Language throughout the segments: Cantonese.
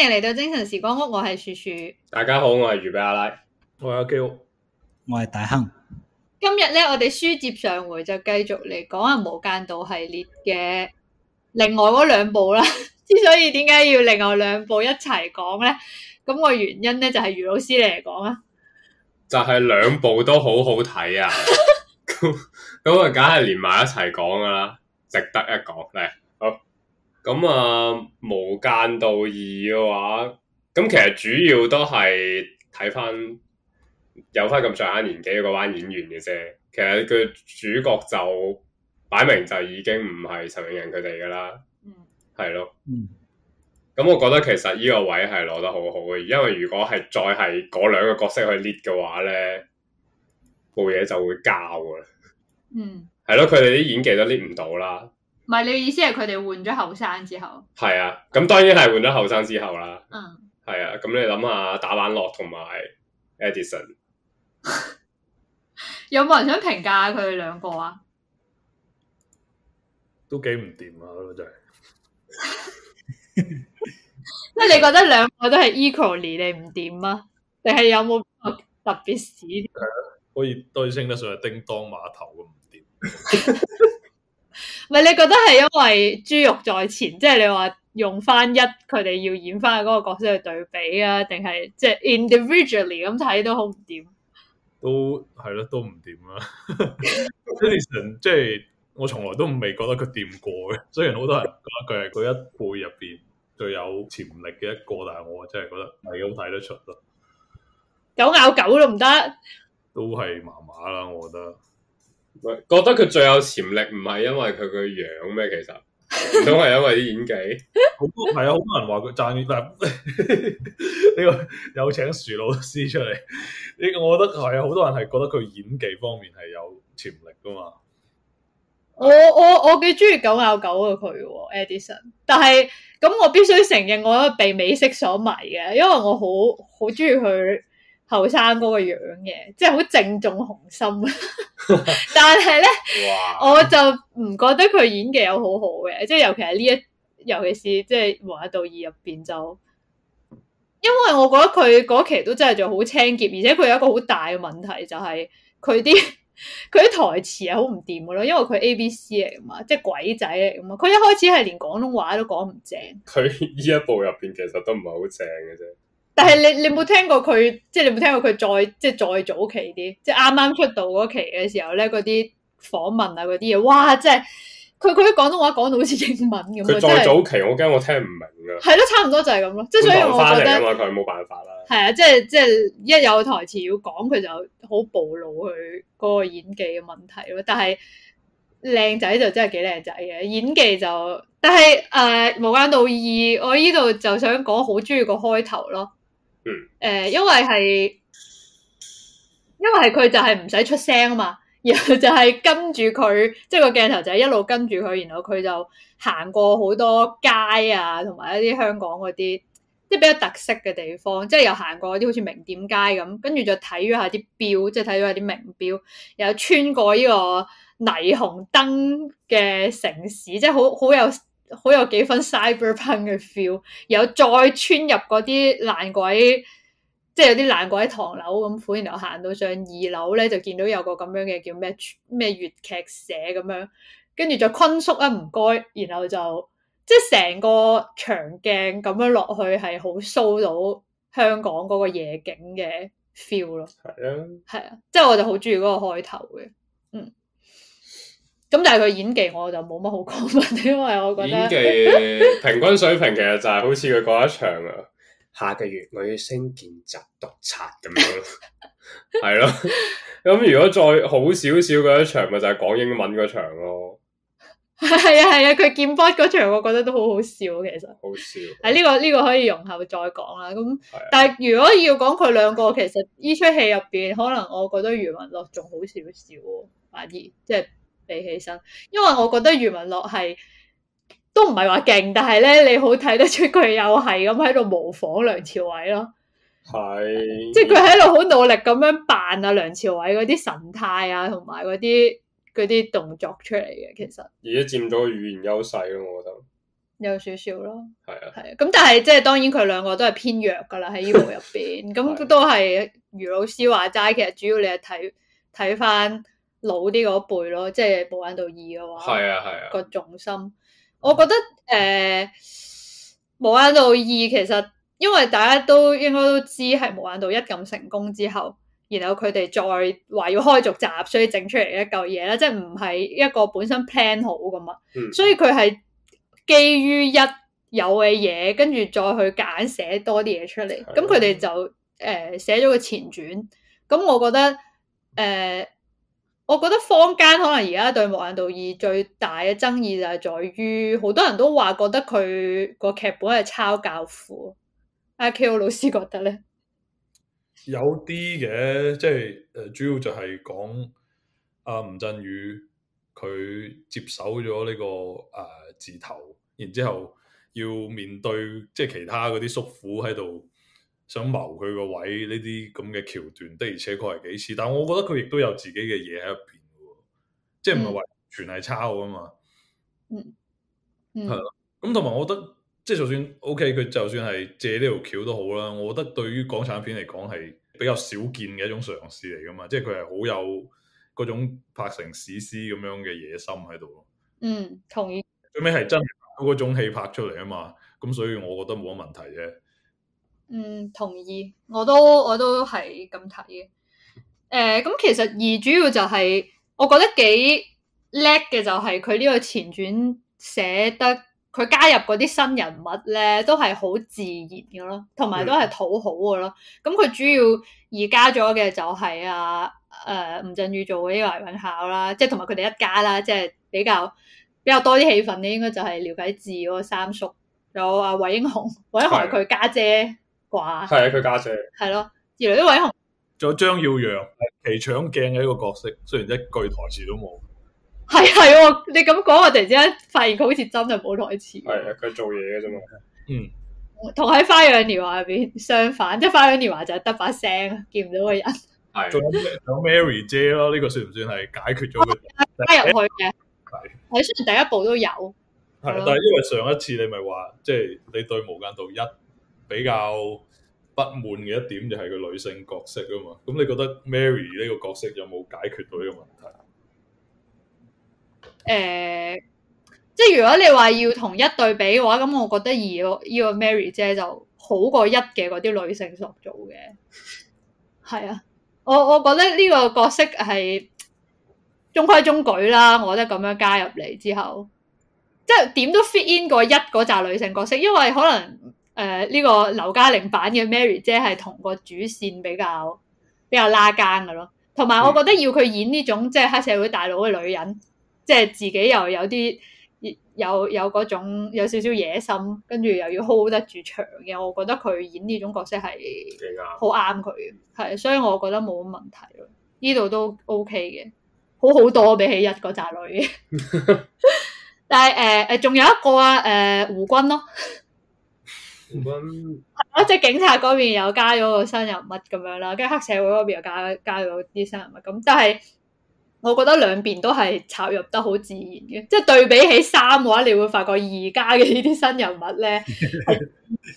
歡迎嚟到精神時光屋，我係樹樹。大家好，我係魚比阿拉，我係阿嬌，我係大亨。今日咧，我哋書接上回，就繼續嚟講下《無間道》系列嘅另外嗰兩部啦。之 所以點解要另外兩部一齊講咧？咁個原因咧，就係余老師嚟講啊，就係兩部都好好睇啊，咁啊，梗係連埋一齊講噶啦，值得一講嚟。咁啊，無間道二嘅話，咁其實主要都係睇翻有翻咁上下年紀嘅嗰班演員嘅啫。其實佢主角就擺明就已經唔係陳永仁佢哋噶啦，係咯。咁、嗯、我覺得其實呢個位係攞得好好嘅，因為如果係再係嗰兩個角色去 lift 嘅話咧，部嘢就會教噶啦。嗯，係 咯，佢哋啲演技都 lift 唔到啦。唔係你嘅意思係佢哋換咗後生之後？係啊，咁當然係換咗後生之後啦。嗯，係、嗯、啊、咁、嗯、你諗下打板樂同埋 Edison， 有冇人想評價佢哋兩個啊？都幾唔掂啊！真，即係你覺得兩個都係 equally，你唔掂啊？定係有冇特別屎啲？可以對稱得上係叮噹碼頭咁唔掂。 唔係你覺得係因為珠玉在前，即係你話用翻一佢哋要演翻嗰個角色去對比啊？定係即係、就是、individually 咁睇，都好唔掂？都係咯，都唔掂啦。 即係我從來都未覺得佢掂過嘅，雖然好多人講佢係佢一輩入邊最有潛力嘅一個，但係我真係覺得唔係好睇得出咯。狗咬狗都唔得，都係麻麻啦，我覺得。覺得佢最有潛力唔係因為佢嘅樣咩？其實總係因為啲演技，好係啊！好多人話佢，讚呢個有請樹老師出嚟呢個，我覺得係啊！好多人係覺得佢演技方面係有潛力噶嘛 。我我我幾中意狗咬狗嘅佢嘅 Edison 但係咁，我必須承認我被美色所迷嘅，因為我好好中意佢。後生嗰個樣嘅，即係好正中紅心。 但係咧呢，哇我就唔覺得佢演技有好好嘅，即係尤其係呢一，尤其是即係《無間道二》入邊就。因為我覺得佢嗰期都真係仲好青澀，而且佢有一個好大嘅問題就係佢啲佢啲台詞係好唔掂噶咯，因為佢 A B C 嚟噶嘛，即係鬼仔嚟噶嘛。佢一開始係連廣東話都講唔正，佢呢一部入邊其實都唔係好正嘅啫。但係你你冇聽過佢，即係你冇聽過佢再即係再早期啲，即係啱啱出道嗰期嘅時候咧，嗰啲訪問啊，嗰啲嘢，哇，即係佢佢啲廣東話講到好似英文咁。佢再早期，我驚我聽唔明㗎。係咯，差唔多就係咁咯。即係所以我覺得佢冇辦法啦。係啊，即係即係一有台詞要講，佢就好暴露佢嗰個演技嘅問題咯。但係靚仔就真係幾靚仔嘅演技就，但係誒、呃、無間道二，我呢度就想講好中意個開頭咯。誒、呃，因為係，因為係佢就係唔使出聲啊嘛，然後就係跟住佢，即係個鏡頭就係一路跟住佢，然後佢就行過好多街啊，同埋一啲香港嗰啲即係比較特色嘅地方，即係又行過嗰啲好似名店街咁，跟住就睇咗下啲表，即係睇咗下啲名錶，又穿過呢個霓虹燈嘅城市，即係好好有。好有幾分 cyberpunk 嘅 feel，然後再穿入嗰啲爛鬼，即係有啲爛鬼唐樓咁款，然後行到上二樓咧，就見到有個咁樣嘅叫咩咩粵劇社咁樣，跟住再坤叔啊唔該，然後就即係成個長鏡咁樣落去，係好 show 到香港嗰個夜景嘅 feel 咯。係啊，係啊，即係我就好鍾意嗰個開頭嘅，嗯。咁但係佢演技我就冇乜好講啦，因為我覺得演技平均水平其實就係好似佢嗰一場啊， 下個月我要升見習督察咁樣，係咯。 咁、嗯、如果再好少少嗰一場咪就係、是、講英文嗰場咯。係啊係啊，佢、啊、劍波嗰場我覺得都好好笑其實。好笑。誒呢、啊呢個呢、呢個可以容後再講啦。咁、啊、但係如果要講佢兩個，其實呢出戲入邊可能我覺得余文樂仲好少少、哦，反而即係。就是比起身，因為我覺得余文樂係都唔係話勁，但係咧你好睇得出佢又係咁喺度模仿梁朝偉咯，係的，的即係佢喺度好努力咁樣扮啊梁朝偉嗰啲神態啊，同埋嗰啲啲動作出嚟嘅，其實而家佔咗語言優勢咯，我覺得有少少咯，係啊的，係啊，咁但係即係當然佢兩個都係偏弱噶啦喺呢部入邊，咁 的都係余老師話齋，其實主要你係睇睇返。老啲嗰一輩咯，即係《無間道二》嘅話，係啊、係啊、個重心，我覺得誒，呃《無間道二》其實因為大家都應該都知係《無間道一》咁成功之後，然後佢哋再話要開續集，所以整出嚟一嚿嘢咧，即係唔係一個本身 plan 好嘅嘛，嗯、所以佢係基於一有嘅嘢，跟住再去揀寫多啲嘢出嚟，咁佢哋就誒寫咗個前傳，咁我覺得誒。呃我覺得坊間可能而家對無間道二最大嘅爭議就係在於，好多人都話覺得佢個劇本係抄教父。阿 K.O. 老師覺得咧，有啲嘅，即係誒主要就係講阿吳鎮宇佢接手咗呢、這個誒、呃、字頭，然之後要面對即係、就是、其他嗰啲叔父喺度。想謀佢個位呢啲咁嘅橋段，的而且確係幾似，但係我覺得佢亦都有自己嘅嘢喺入邊嘅，即係唔係話全係抄啊嘛嗯。嗯，係咯。咁同埋，我覺得即係就算 OK，佢就算係借呢條橋都好啦。我覺得對於港產片嚟講，係比較少見嘅一種嘗試嚟噶嘛。即係佢係好有嗰種拍成史詩咁樣嘅野心喺度。嗯，同意。最尾係真係拍到嗰種戲拍出嚟啊嘛，咁所以我覺得冇乜問題嘅。嗯，同意，我都我都係咁睇嘅。誒、呃，咁其實二主要就係、是，我覺得幾叻嘅就係佢呢個前傳寫得，佢加入嗰啲新人物咧，都係好自然嘅咯，同埋都係討好嘅咯。咁佢的主要而加咗嘅就係啊，誒吳鎮宇做呢阿倪永孝啦，即係同埋佢哋一家啦，即係比較比較多啲戲份。咧，應該就係廖啟智嗰個三叔，有啊，韋英雄，韋英雄係佢家姐，姐。係啊，佢家姐。係咯，而嚟啲偉雄，仲有張耀揚其搶鏡嘅一個角色，雖然一句台詞都冇。係係喎，你咁講，我突然之間發現佢好似真係冇台詞。係啊，佢做嘢嘅啫嘛。嗯，同喺《花樣年華》入邊相反，即係《花樣年華》就係得把聲，見唔到個人。係仲有 Mary 姐咯，呢個算唔算係解決咗佢？加入去嘅，係雖然第一部都有。係啊，但係因為上一次你咪話，即係你對《無間道一》。比較不滿嘅一點就係個女性角色啊嘛，咁你覺得 Mary 呢個角色有冇解決到呢個問題？誒、欸，即係如果你話要同一對比嘅話，咁我覺得二個呢個 Mary 姐就好過一嘅嗰啲女性塑造嘅係啊。我我覺得呢個角色係中規中矩啦。我覺得咁樣加入嚟之後，即係點都 fit in 過一嗰集女性角色，因為可能。誒，呢、uh, 個劉嘉玲版嘅 Mary 姐係同個主線比較比較拉更嘅咯，同埋我覺得要佢演呢種、嗯、即係黑社會大佬嘅女人，即、就、係、是、自己又有啲有有嗰種有少少野心，跟住又要 hold、e、得住場嘅，我覺得佢演呢種角色係好啱佢，係對所以我覺得冇乜問題咯，呢度都 OK 嘅，好好多比起一個仔女， 但係誒誒，仲、uh, 有一個啊，誒、uh, uh, uh, 胡軍咯。Uh, 啊！即係、嗯、 警察嗰邊又加咗個新人物咁樣啦，跟住黑社會嗰邊又加加咗啲新人物咁，但係我覺得兩邊都係插入得好自然嘅，即、就、係、是、對比起三嘅話，你會發覺而家嘅呢啲新人物咧，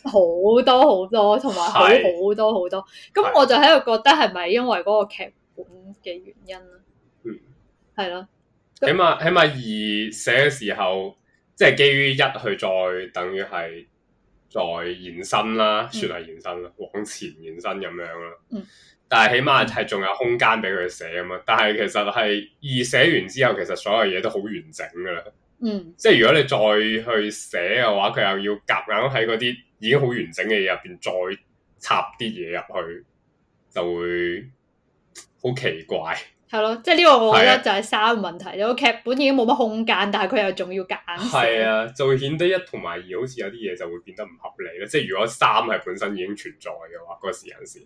好多好多，同埋好好多好多。咁是我就喺度覺得係咪因為嗰個劇本嘅原因咧？嗯，係咯，起碼起碼二寫嘅時候，即、就、係、是、基於一去再等於係。再延伸啦，算係延伸啦，嗯、往前延伸咁樣啦。但係起碼係仲有空間俾佢寫吖嘛。但係其實係二寫完之後，其實所有嘢都好完整噶啦。嗯，即係如果你再去寫嘅話，佢又要夾硬喺嗰啲已經好完整嘅嘢入邊再插啲嘢入去，就會好奇怪。係咯， 即係呢個我覺得就係三個問題咯。劇本已經冇乜空間，但係佢又仲要揀，係啊，就會顯得一同埋二好似有啲嘢就會變得唔合理咧。即係如果三係本身已經存在嘅話，那個時間線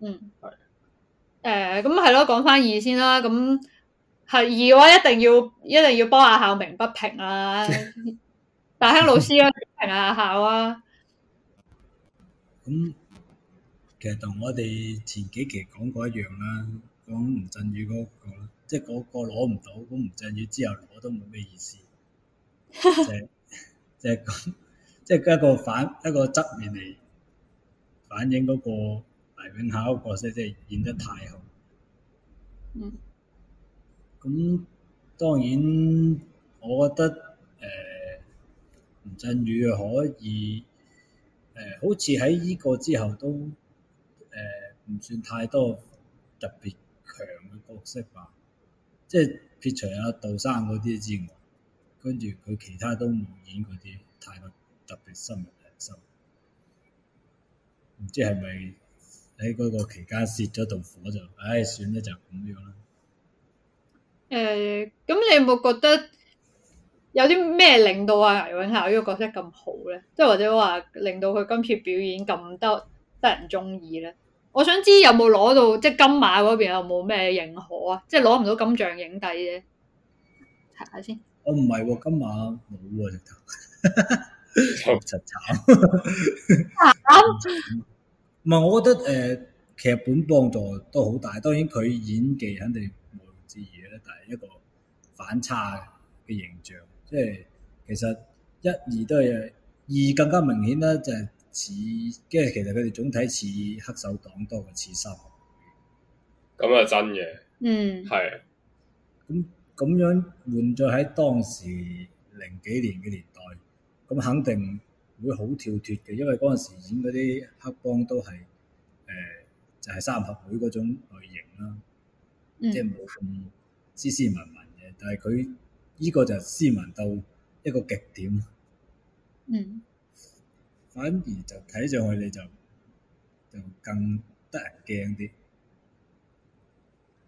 嗯係誒，咁係咯，講翻二先啦。咁係二嘅話，一定要一定要幫阿孝鳴不平啊。 大興老師評下孝啊，咁、 啊、其實同我哋前幾期講過一樣啦、啊。講吳鎮宇嗰、那個即係嗰個攞唔到，咁吳鎮宇之後攞都冇咩意思，即係即係咁，即、就、係、是、一個反一個側面嚟反映嗰個倪永孝個角色，即係演得太好。咁、嗯、當然，我覺得誒、呃、吳鎮宇可以誒、呃，好似喺呢個之後都誒唔、呃、算太多特別。強嘅角色吧，即係撇除阿杜生嗰啲之外，跟住佢其他都冇演嗰啲太過特別深入人心，唔知係咪喺嗰個期間洩咗道火就，唉，算啦就咁、是、樣啦。誒、呃，咁你有冇覺得有啲咩令到阿倪永孝呢個角色咁好咧？即係或者話令到佢今次表演咁得得人鍾意咧？我想知有冇攞到即係金馬嗰邊有冇咩認可啊？即係攞唔到金像影帝啫，查下先。我唔係喎，金馬冇喎，啊，真慘！唔係我覺得誒，劇、呃、本幫助都好大。當然佢演技肯定毋庸置疑嘅。但係一個反差嘅形象，即、就、係、是、其實一二都係二更加明顯啦，就係、是。似，即係其實佢哋總體似黑手黨多過似三合會，咁啊真嘅，嗯、mm. 是，係，咁咁樣換咗喺當時零幾年嘅年代，咁肯定會好跳脫嘅，因為嗰陣時演嗰啲黑幫都係，誒、呃，就係、是、三合會嗰種類型啦，即係冇咁斯斯文文嘅，但係佢呢個就斯文到一個極點，嗯。Mm. 反而就睇上去你就就更得人驚啲。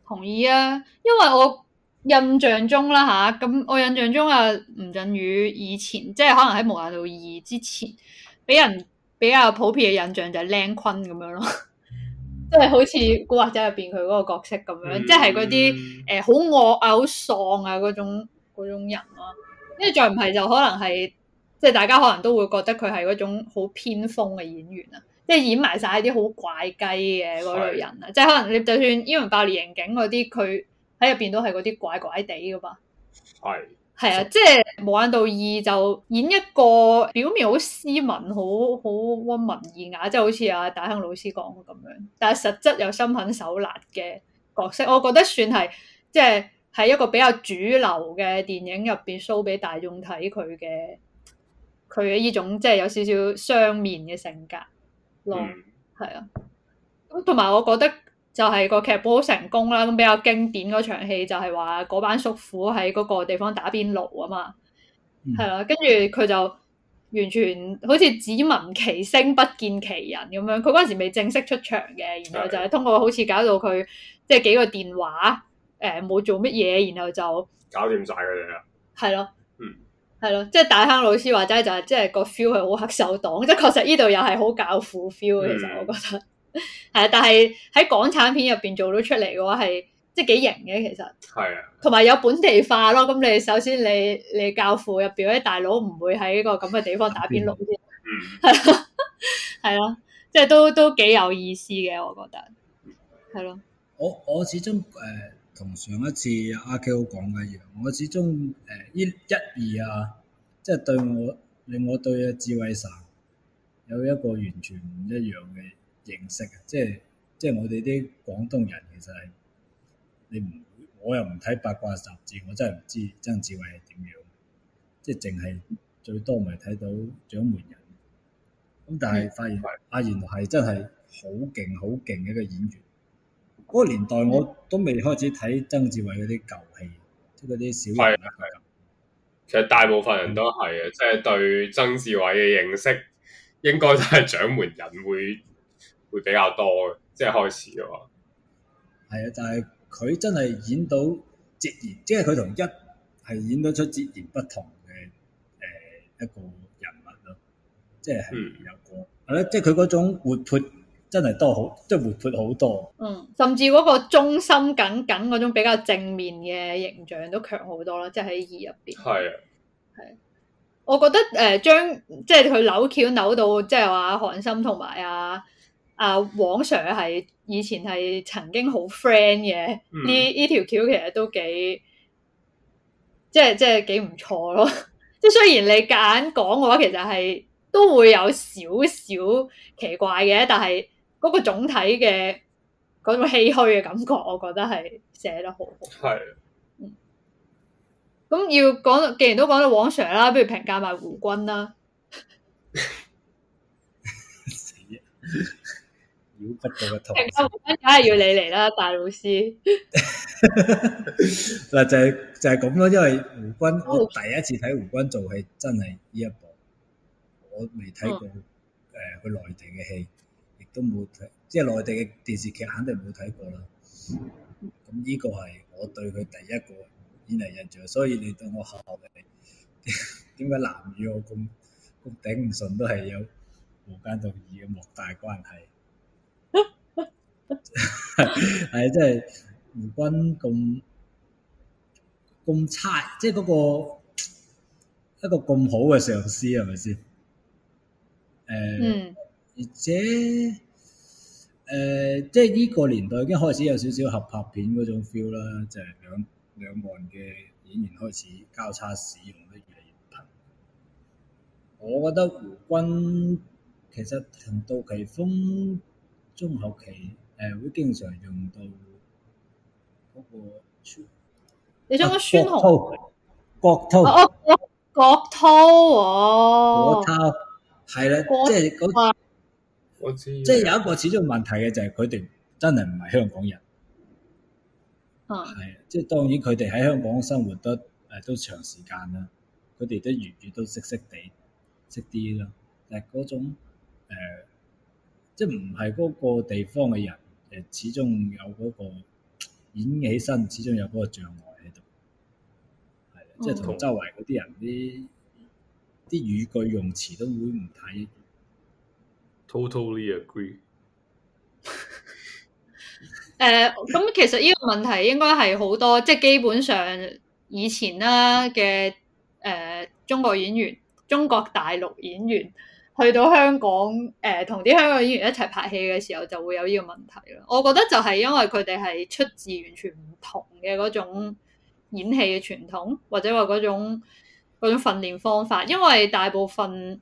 同意啊，因為我印象中啦、啊、吓，咁、啊、我印象中啊，吳鎮宇以前即係可能喺《無間道二》之前，俾人比較普遍嘅印象就係靚坤咁樣咯，即係、mm hmm. 好似古惑仔入邊佢嗰個角色咁樣，mm hmm. 即係嗰啲誒好惡啊、好喪啊嗰種嗰種人咯、啊。因為再唔係就可能係。即係大家可能都會覺得佢係嗰種好偏鋒嘅演員啊，即係演埋晒啲好怪雞嘅嗰類人啊。即係是可能你就算《英雄爆裂刑警》嗰啲，佢喺入邊都係嗰啲怪怪地噶嘛。係係是啊，即係《無間道二》就演一個表面好斯文、好好溫文爾雅，即係好似阿大亨老師講嘅咁樣，但係實質又心狠手辣嘅角色。我覺得算係即係喺一個比較主流嘅電影入邊 show 俾大眾睇佢嘅。佢嘅呢種即係有少少雙面嘅性格咯，係、嗯、啊。咁同埋我覺得就係個劇本好成功啦，咁比較經典嗰場戲就係話嗰班叔父喺嗰個地方打邊爐啊嘛，係啦、嗯。跟住佢就完全好似只聞其聲不見其人咁樣，佢嗰陣時未正式出場嘅，然後就係通過好似搞到佢即係幾個電話誒冇、呃、做乜嘢，然後就搞掂晒佢哋啦。係咯、啊。係咯，即係大坑老師話齋就係、是、即、就、係、是、個 feel 係好黑手黨，即係確實呢度又係好教父 feel。其實我覺得係、嗯，但係喺港產片入邊做到出嚟嘅話，係即係幾型嘅其實。係啊的。同埋有，有本地化咯，咁你首先你你教父入邊嗰啲大佬唔會喺個咁嘅地方打邊爐先，係咯係咯，即係都都幾有意思嘅，我覺得係咯。我我始終誒。呃同上一次阿 Q 講嘅一樣，我始終誒、呃、一一二啊，即係對我令我對阿曾志偉有一個完全唔一樣嘅認識啊，即係即係我哋啲廣東人其實係你唔，我又唔睇八卦雜誌，我真係唔知曾志偉係點樣，即係淨係最多咪睇到掌門人，咁但係發現阿賢係真係好勁好勁嘅一個演員。嗰個年代我都未開始睇曾志偉嗰啲舊戲，即係嗰啲小人物，係啦係啦。其實大部分人都係嘅，即係、嗯、對曾志偉嘅認識應該都係掌門人會會比較多，即係、就是、開始嘅話。係啊，但係佢真係演到截然，即係佢同一係演到出出截然不同嘅誒一個人物咯。即、就、係、是、嗯有個係咯，即係佢嗰種活潑。真係多好，即係活潑好多。嗯，甚至嗰個忠心耿耿嗰種比較正面嘅形象都強好多咯，即係喺二入邊。係啊，係。我覺得誒、呃，將即係佢扭橋扭到，即係話韓琛同埋阿阿黃 Sir 係以前係曾經好 friend 嘅，呢呢、嗯、條橋其實都幾，即係即係幾唔錯咯。 即係雖然你夾硬講嘅話，其實係都會有少少奇怪嘅，但係。嗰個總體嘅嗰種唏噓嘅感覺，我覺得係寫得好好。係的。嗯。咁要講，既然都講到黃 Sir 啦，不如評價埋胡軍啦。 死啊！妖不到個頭。胡軍梗係要你嚟啦，大老師。嗱 就係、是、就係咁咯，因為胡軍、哦、我第一次睇胡軍做戲，真係呢一部，我未睇過誒佢、嗯呃、內地嘅戲。都冇睇，即係內地嘅電視劇肯定冇睇過啦。咁呢個係我對佢第一個演藝印象，所以你對我下下嘅點解男語我咁咁頂唔順都係有無間道二嘅莫大關係？係， 即真係胡軍咁咁差，即係嗰、嗰個一個咁好嘅上司係咪先？誒，而、uh, 且、mm.。誒、呃，即係呢個年代已經開始有少少合拍片嗰種 feel 啦，就係兩兩岸嘅演員開始交叉使用得越嚟越頻。我覺得胡軍其實同杜琪峰中後期誒、呃、會經常用到嗰、那個，你想講孫紅？郭濤、啊，我我郭濤喎。郭濤係啦，即係嗰。國國即係有一個始終問題嘅就係佢哋真係唔係香港人，啊，係即係當然佢哋喺香港生活得誒、呃、都長時間啦，佢哋啲粵語都識識地識啲咯，但係嗰種、呃、即係唔係嗰個地方嘅人誒，始終有嗰個演起身始終有嗰個障礙喺度，係即係同周圍嗰啲人啲啲語句用詞都會唔睇。Totally agree。誒，咁其實呢個問題應該係好多，即係基本上以前啦嘅誒中國演員、中國大陸演員去到香港誒，同，uh，啲香港演員一齊拍戲嘅時候，就會有呢個問題咯。我覺得就係因為佢哋係出自完全唔同嘅嗰種演戲嘅傳統，或者話嗰種嗰種訓練方法，因為大部分。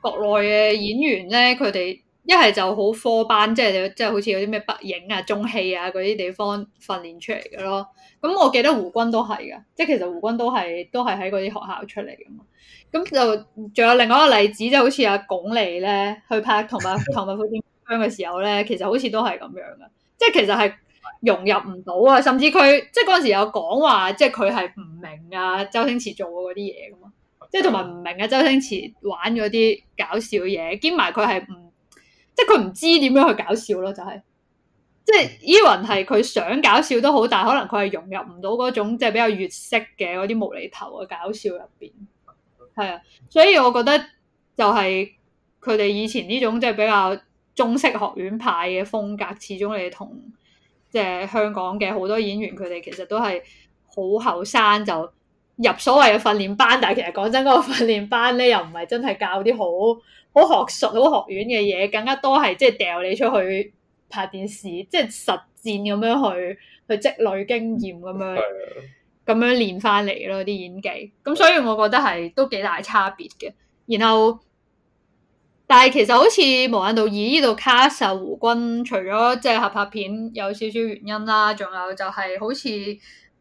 國內嘅演員咧，佢哋一係就好科班，即係即係好似有啲咩北影啊、中戲啊嗰啲地方訓練出嚟嘅咯。咁我記得胡軍都係嘅，即係其實胡軍都係都係喺嗰啲學校出嚟嘅嘛。咁就仲有另外一個例子，即係好似阿鞏俐咧去拍《同埋唐伯虎點秋香》嘅時候咧，其實好似都係咁樣嘅，即係其實係融入唔到啊。甚至佢即係嗰陣時有講話，即係佢係唔明啊周星馳做嘅嗰啲嘢嘅嘛。即係同埋唔明啊，周星馳玩嗰啲搞笑嘢，兼埋佢係唔即係佢唔知點樣去搞笑咯，就係、是、即係依雲係佢想搞笑都好，但係可能佢係融入唔到嗰種即係比較粵式嘅嗰啲無厘頭嘅搞笑入邊，係啊，所以我覺得就係佢哋以前呢種即係比較中式學院派嘅風格，始終你同即係香港嘅好多演員佢哋其實都係好後生就。入所謂嘅訓練班，但係其實講真，嗰個訓練班咧又唔係真係教啲好好學術、好學院嘅嘢，更加多係即係掉你出去拍電視，即係實戰咁樣去去積累經驗咁樣，咁樣練翻嚟咯啲演技。咁所以我覺得係都幾大差別嘅。然後，但係其實好似《無間道二》呢度卡士胡軍，除咗即係合拍片有少少原因啦，仲有就係好似。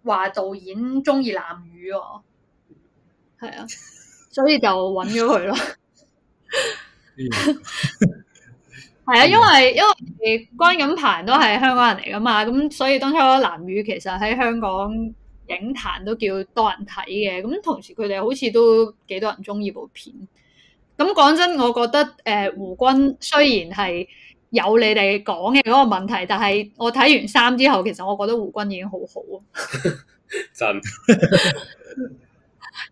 話導演中意藍宇哦，係啊，所以就揾咗佢咯。係 啊，因為因為關錦鵬都係香港人嚟噶嘛，咁所以當初藍宇其實喺香港影壇都叫多人睇嘅。咁同時佢哋好似都幾多人中意部片。咁講真，我覺得誒、呃，胡軍雖然係。有你哋講嘅嗰個問題，但係我睇完三之後，其實我覺得胡軍已經好好啊， 真的，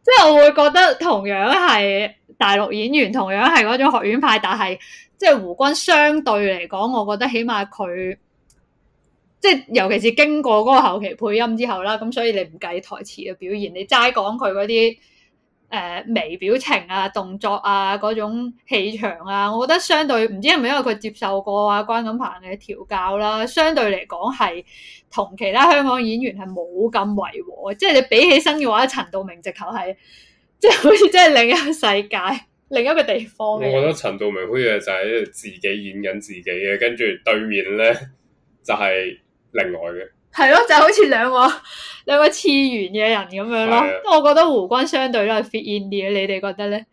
即 係 我會覺得同樣係大陸演員，同樣係嗰種學院派，但係即係胡軍相對嚟講，我覺得起碼佢即係尤其是經過嗰個後期配音之後啦，咁所以你唔計台詞嘅表現，你齋講佢嗰啲。誒、呃、微表情啊、動作啊、嗰種氣場啊，我覺得相對唔知係咪因為佢接受過啊關錦鵬嘅調教啦，相對嚟講係同其他香港演員係冇咁違和，即係你比起身嘅話，陳道明直頭係即係好似即係另一個世界、另一個地方。我覺得陳道明好似就係自己演緊自己嘅，跟住對面咧就係、是、另外嘅。係咯，就好似兩個兩個次元嘅人咁樣咯。的我覺得胡軍相對都係 fit in 啲嘅，你哋覺得咧？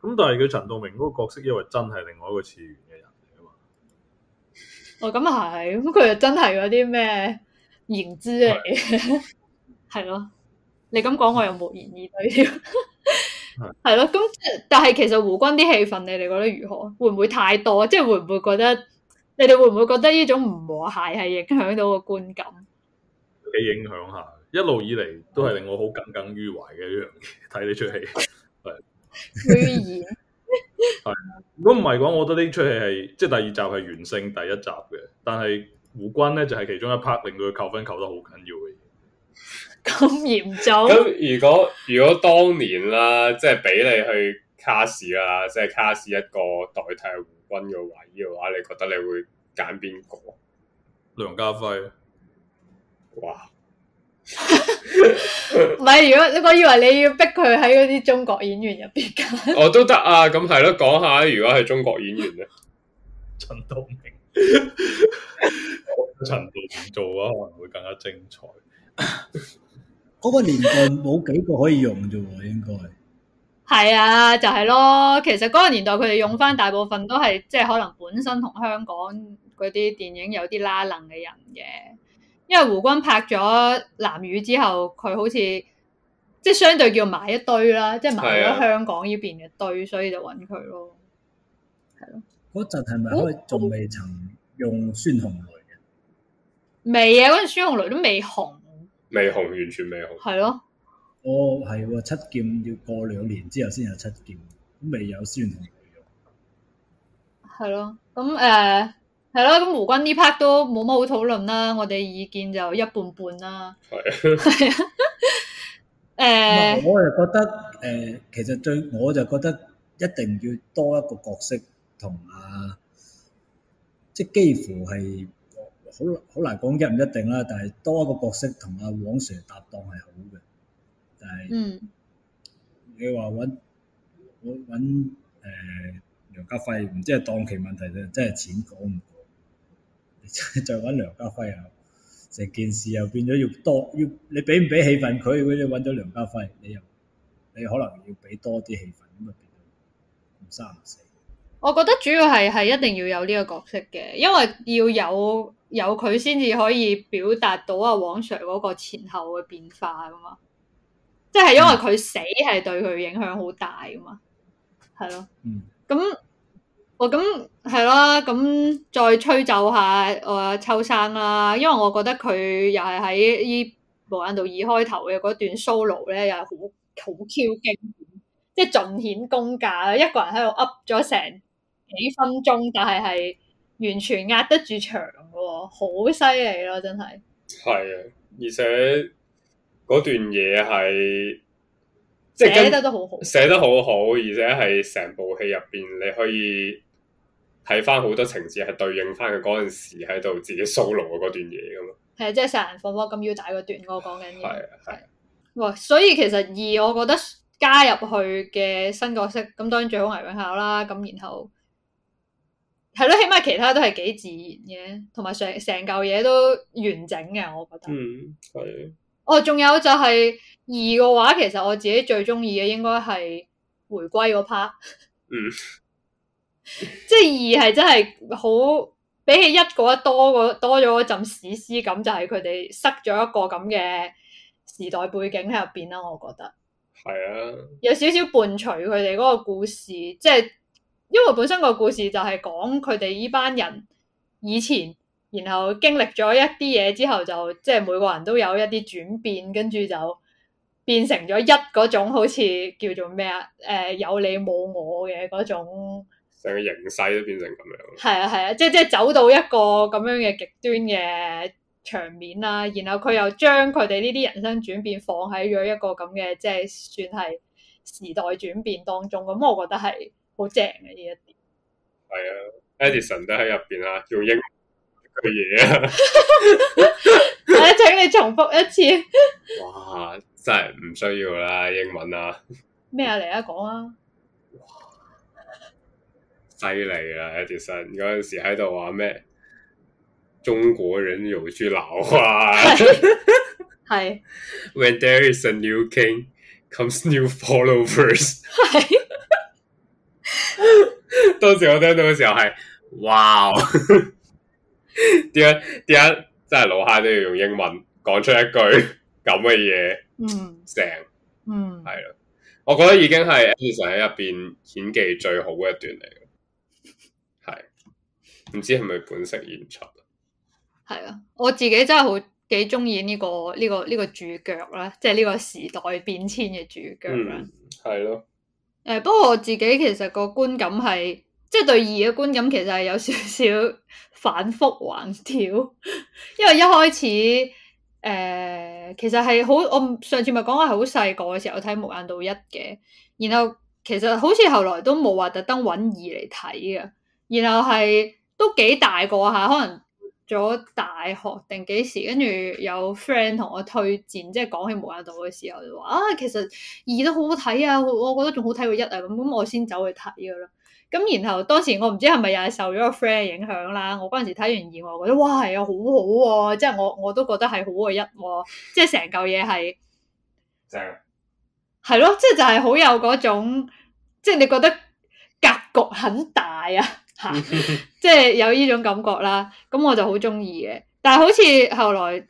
咁但係佢陳道明嗰個角色，因為真係另外一個次元嘅人嚟啊嘛。哦，咁啊係，咁佢又真係嗰啲咩言之嚟，嘅？係咯？你咁講，我又無言以對。係 咯，咁、嗯嗯嗯嗯、但係其實胡軍啲戲份你哋覺得如何？會唔會太多？即係會唔會覺得？你哋會唔會覺得呢種唔和諧係影響到個觀感？幾影響下，一路以嚟都係令我好耿耿於懷嘅一樣嘢。睇呢出戲係，佢演係。如果唔係嘅話，我覺得呢出戲係即係第二集係完勝第一集嘅。但係胡軍咧就係、是、其中一 part 令到佢扣分扣得好緊要嘅嘢。咁嚴重？咁如果如果當年啦，即係俾你去卡士呀即係卡士一個代替溫個位嘅話，你覺得你會揀邊個？梁家輝。哇！唔係， 如果你我以為你要逼佢喺嗰啲中國演員入邊揀， 我都得啊。咁係咯，講下如果係中國演員咧，陳 道明。陳 道明做嘅話可能會更加精彩。嗰 個年代冇幾個可以用啫喎，應該。係啊，就係、是、咯。其實嗰個年代佢哋用翻大部分都係即係可能本身同香港嗰啲電影有啲拉能嘅人嘅，因為胡軍拍咗《藍宇》之後，佢好似即係相對叫埋一堆啦，即係埋咗香港呢邊嘅堆，啊、所以就揾佢咯，係咯、啊。嗰陣係咪可以仲未曾用孫紅雷嘅？未啊！嗰陣孫紅雷都未紅，未紅完全未紅。係咯。哦，係喎、oh，七劍要過兩年之後先有七劍，都未有孫紅梅。係咯，咁誒、係、呃、咯，咁胡軍呢 part 都冇乜好討論啦。我哋意見就一半半啦。係係啊，誒、嗯，我係覺得誒、呃，其實最我就覺得一定要多一個角色同啊，即係幾乎係好好難講一唔一定啦。但係多一個角色同阿黃 sir 搭檔係好嘅。就係，嗯、你話揾我揾梁家輝，唔知係檔期問題定真係錢講唔過，你再揾梁家輝啊，成件事又變咗要多要，你俾唔俾戲份佢？如果你揾咗梁家輝，你又你可能要俾多啲戲份，咁啊變到唔三唔四。我覺得主要係係一定要有呢個角色嘅，因為要有有佢先至可以表達到阿黃 sir 嗰個前後嘅變化啊嘛。即係因為佢死係對佢影響好大噶嘛。係咯，咁、嗯，哦，咁係咯，咁再吹奏下阿秋生啦，因為我覺得佢又係喺《無間道二》開頭嘅嗰段 solo 咧，又係好好 Q 勁，即係盡顯功架啦，一個人喺度 up 咗成幾分鐘，但係係完全壓得住場噶，好犀利咯，真係。係啊，而且。嗰段嘢係，寫、即係、得都好好，寫得好好，而且係成部戲入邊，你可以睇翻好多情節，係對應翻佢嗰陣時喺度自己 solo 嗰段嘢咁嘛。係啊，即係成人放火咁要大嗰段，我講緊係係。哇的，所以其實二，我覺得加入去嘅新角色，咁當然最好倪永孝啦。咁然後係咯，起碼其他都係幾自然嘅，同埋成成嚿嘢都完整嘅，我覺得。嗯，係。哦，仲有就係、是、二嘅話，其實我自己最中意嘅應該係回歸嗰 part。嗯 即係二係真係好比起一嘅話多個多咗一陣史詩感，就係佢哋塞咗一個咁嘅時代背景喺入邊啦。我覺得係啊，有少少伴隨佢哋嗰個故事，即、就、係、是、因為本身個故事就係講佢哋依班人以前。然後經歷咗一啲嘢之後，就即係每個人都有一啲轉變，跟住就變成咗一嗰種好似叫做咩啊？誒、呃，有你冇我嘅嗰種。成個形勢都變成咁樣。係啊係啊，即係即係走到一個咁樣嘅極端嘅場面啦。然後佢又將佢哋呢啲人生轉變放喺咗一個咁嘅即係算係時代轉變當中。咁我覺得係好正嘅，啊、呢一點。係啊，Edison 都喺入邊啊，用英。嘅嘢啊！我請你重複一次。哇，真係唔需要啦，英文啊。咩啊？嚟一講啊！犀利啦！Edison 嗰陣時喺度話咩？中國人有句老話係。係。When there is a new king, comes new followers。係。當時我聽到嘅時候係，哇！點解點解真係老嗨都要用英文講出一句咁嘅嘢？嗯，正，嗯，係咯，我覺得已經係葉神喺入邊演技最好嘅一段嚟，係，唔知係咪本色演出？係啊，我自己真係好幾鍾意呢個呢、呢個呢、呢個主角啦，即係呢個時代變遷嘅主角啦，係咯、嗯，誒、欸，不過我自己其實個觀感係。即係對二嘅觀感，其實係有少少反覆橫跳， 因為一開始誒、呃，其實係好，我上次咪講啊，係好細個嘅時候睇《無間道一》嘅，然後其實好似後來都冇話特登揾二嚟睇嘅，然後係都幾大個吓，可能做咗大學定幾時，跟住有 friend 同我推薦，即係講起《無間道》嘅時候我就話啊，其實二都好好睇啊，我我覺得仲好睇過一啊，咁咁我先走去睇噶啦。咁然後當時我唔知係咪又係受咗個 friend 影響啦，我嗰陣時睇完二我覺得哇係啊，好好啊，即係我我都覺得係好過一，啊，即係成嚿嘢係正，係咯， 即係就係、是、好有嗰種，即係你覺得格局很大啊，吓，即係有呢種感覺啦。咁我就好中意嘅，但係好似後來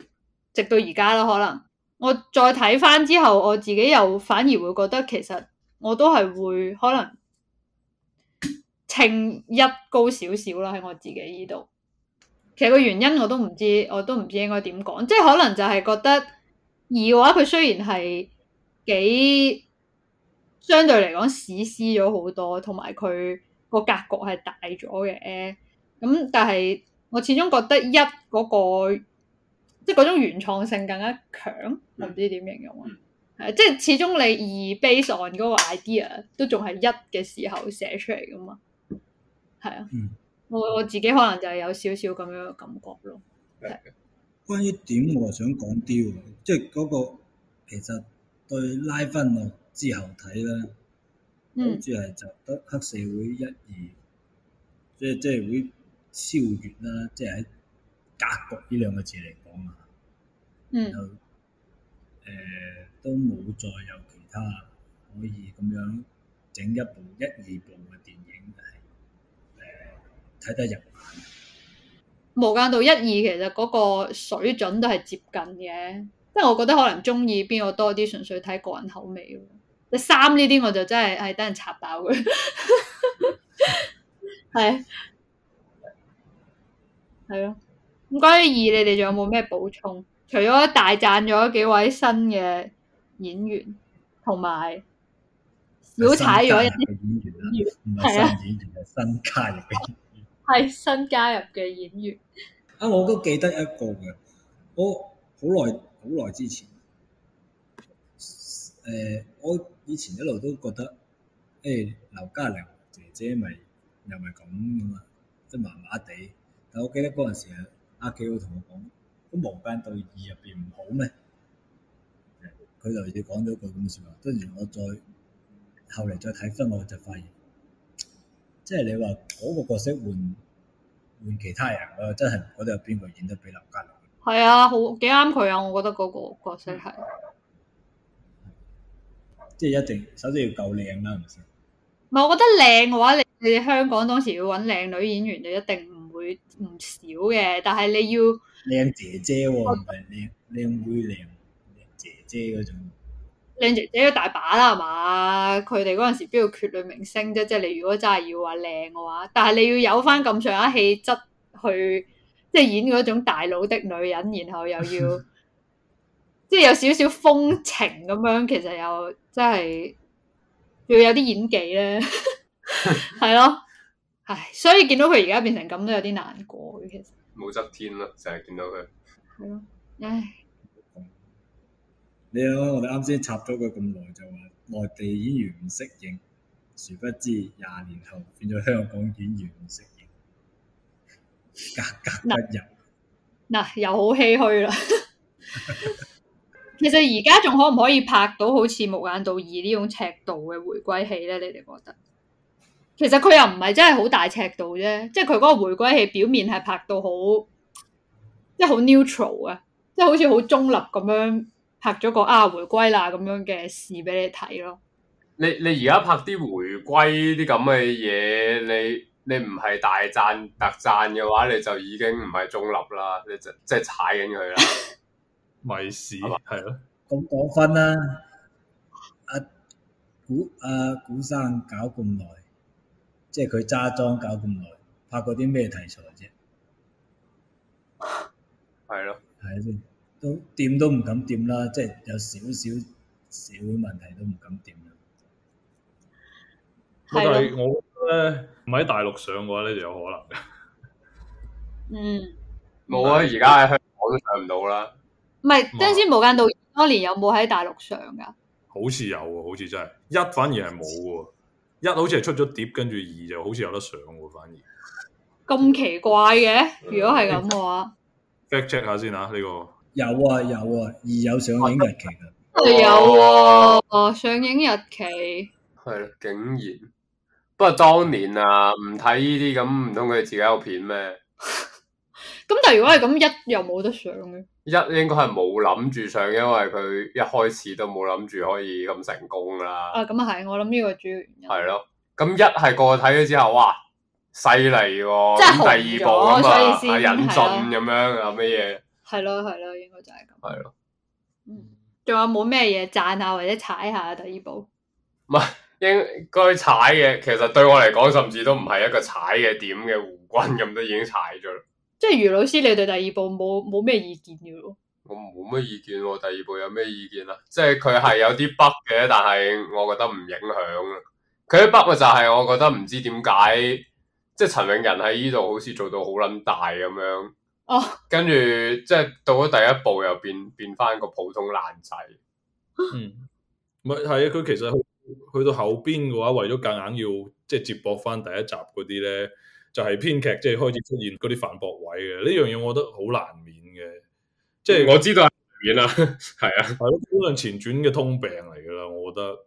直到而家啦，可能我再睇翻之後，我自己又反而會覺得其實我都係會可能。聽一高少少啦，喺我自己呢度，其實個原因我都唔知，我都唔知應該點講，即係可能就係覺得二嘅話，佢雖然係幾相對嚟講史詩咗好多，同埋佢個格局係大咗嘅，誒咁，但係我始終覺得一嗰、嗰個即係嗰種原創性更加強，我唔知點形容啊，係、嗯、即係始終你二 base on 嗰個 idea 都仲係一嘅時候寫出嚟噶嘛。係啊，我、嗯、我自己可能就係有少少咁樣嘅感覺咯。係，關於點我想講啲喎，即係嗰個其實對拉分咯之後睇啦，好似係就得黑社會一二，即係即係會超越啦，即係喺格局呢兩個字嚟講啊，嗯，誒、呃、都冇再有其他可以咁樣整一部一二部嘅電影。無間道一二其實嗰個水準都係接近嘅，即係我覺得可能中意邊個多啲，純粹睇個人口味。你三呢啲我就真係係等人插爆佢，係係咯。咁關於二，你哋仲有冇咩補充？除咗大讚咗幾位新嘅演員，同埋小踩咗一啲演員，係啊演員嘅新加入。係新加入嘅演員啊！我都記得一個嘅，我好耐好耐之前，誒、呃，我以前一路都覺得，誒、欸，劉嘉玲姐姐咪又咪咁咁嘛，即係麻麻地。但我記得嗰陣時阿 K 會同我講，咁無間道二入邊唔好咩？佢、呃、就直接講咗句咁嘅說話。跟住我再後嚟再睇翻，我就發現。即係你話嗰個角色換換其他人，我真係唔覺得有邊個演得比劉嘉玲。係啊，好幾啱佢啊！我覺得嗰個角色係、嗯，即係一定首先要夠靚啦，係咪先？唔係，我覺得靚嘅話，你你哋香港當時要搵靚女演員，就一定唔會唔少嘅。但係你要靚姐姐喎、哦，唔係靚靚妹，靚靚姐姐嗰種。靚姐姐一大把啦，係嘛？佢哋嗰陣時邊度缺女明星啫？即係你如果真係要話靚嘅話，但係你要有翻咁上下氣質去，即係演嗰種大佬的女人，然後又要 即係有少少風情咁樣，其實又真係要有啲演技，咧，係 咯。 唉，所以見到佢而家變成咁，都有啲難過嘅。其實武則天啦，成日見到佢，係咯，唉。你好，我哋啱先插咗佢咁耐，就話內地演員唔適應，殊不知廿年後變咗香港演員唔適應，格格不入。嗱、啊啊，又好唏噓啦。 其實而家仲可唔可以拍到好似《無間道二》呢種尺度嘅回歸戲咧？你哋覺得？其實佢又唔係真係好大尺度啫，即係佢嗰個迴歸戲表面係拍到、即係、utral，好，即係好 neutral 啊，即係好似好中立咁樣。拍咗個啊回歸啦咁樣嘅事俾你睇咯。你你而家拍啲回歸啲咁嘅嘢，你你唔係大讚特讚嘅話，你就已經唔係中立啦，你就即係、就是、踩緊佢啦。咪 事，係咯、啊吧。咁講吧返啦。阿、啊、古阿、啊、古生搞咁耐，即係佢揸莊搞咁耐，拍過啲咩題材啫？係咯 吧。睇下先。 都掂都唔敢掂啦，即係有少少社會問題都唔敢掂。係咯的，我覺得咧，唔喺大陸上嘅話咧，就有可能。 嗯，冇啊！而家喺香港都上唔到啦。唔係陣時《無間道》當年有冇喺大陸上噶 ？好似有喎，好似真係一反而係冇喎。一好似係出咗碟，跟住二就好似有得上喎。反而咁奇怪嘅，如果係咁嘅話 check check 下先嚇呢個。有啊有啊，二有，啊、有上映日期嘅。有啊、哦哦，上映日期。係啦，竟然。不過當年啊，唔睇呢啲咁，唔通佢自己有片咩？咁 但係如果係咁一又冇得上嘅。一應該係冇諗住上，因為佢一開始都冇諗住可以咁成功啦。啊，咁啊係，我諗呢個主要原因。係咯，咁一係個個睇咗之後，哇，犀利喎！即係好咗，第二部，所以先係。阿咁樣啊，乜嘢？對係咯係咯，應該就係咁。係咯的，嗯，仲有冇咩嘢贊下或者踩下第二部？唔係，應該踩嘅，其實對我嚟講，甚至都唔係一個踩嘅點嘅胡軍咁，都已經踩咗啦。即係余老師，你對第二部冇冇咩意見嘅咯？我冇咩意見，第二部有咩意見啊？即係佢係有啲北嘅，但係我覺得唔影響。佢一北咪就係我覺得唔知點解，即係陳永仁喺呢度好似做到好撚大咁樣。哦，oh. 跟住即係到咗第一步，又變變翻個普通爛仔。嗯，咪係啊，佢其實去，去到後邊嘅話，為咗夾硬要即係接駁翻第一集嗰啲咧，就係、是、編劇即係開始出現嗰啲反駁位嘅呢樣嘢，我覺得好難免嘅。即係我知道係難免啦，係啊 的，係咯的，無論前傳嘅通病嚟噶啦，我覺得，誒，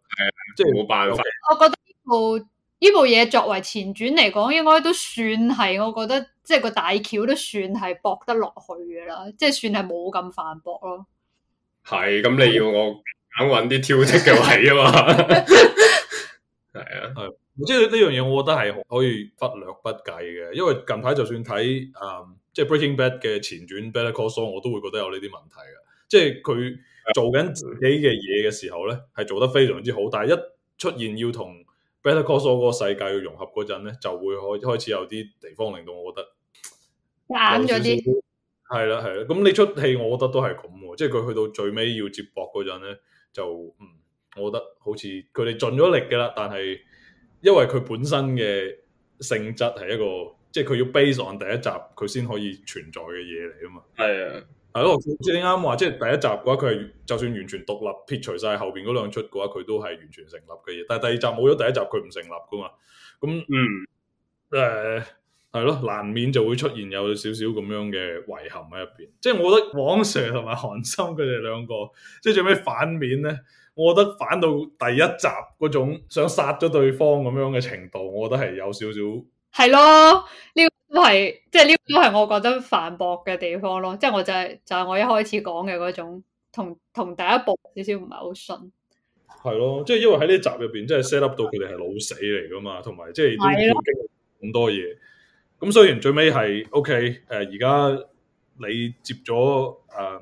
即係冇辦法。我覺得呢部。呢部嘢作為前傳嚟講，應該都算係，我覺得即係個大橋都算係駁得落去嘅啦，即係算係冇咁繁駁咯。係，咁你要我揀揾啲挑剔嘅位啊嘛？係啊，係，即係呢樣嘢，我覺得係可以忽略不計嘅。因為近排就算睇誒、嗯，即係 Breaking Bad 嘅前傳 Better Call Saul，我都會覺得有呢啲問題嘅。即係佢做緊自己嘅嘢嘅時候咧，係做得非常之好，但係一出現要同。Because 我個世界要融合嗰陣咧，就會開開始有啲地方令到我覺得硬咗啲。係啦，係啦。咁你出戲，我覺得都係咁喎。即係佢去到最尾要接駁嗰陣咧，就嗯，我覺得好似佢哋盡咗力㗎啦。但係因為佢本身嘅性質係一個，即係佢要 base on 第一集佢先可以存在嘅嘢嚟啊嘛。係啊。係咯，好似你啱話，即係第一集嘅話，佢係就算完全獨立撇除晒後邊嗰兩出嘅話，佢都係完全成立嘅嘢。但係第二集冇咗第一集，佢唔成立噶嘛？咁嗯，誒、呃，係咯，難免就會出現有少少咁樣嘅遺憾喺入邊。即係我覺得黃 Sir 同埋韓琛佢哋兩個，即係最尾反面咧，我覺得反到第一集嗰種想殺咗對方咁樣嘅程度，我覺得係有少少係咯。呢都係即係呢，都係我覺得反駁嘅地方咯。即係我就係、是、就係、是、我一開始講嘅嗰種，同同第一步少少唔係好順。係咯，即係因為喺呢集入邊，即係 set up 到佢哋係老死嚟噶嘛，同埋即係都要經歷咁多嘢。咁的雖然最尾係 OK，誒而家你接咗誒、呃、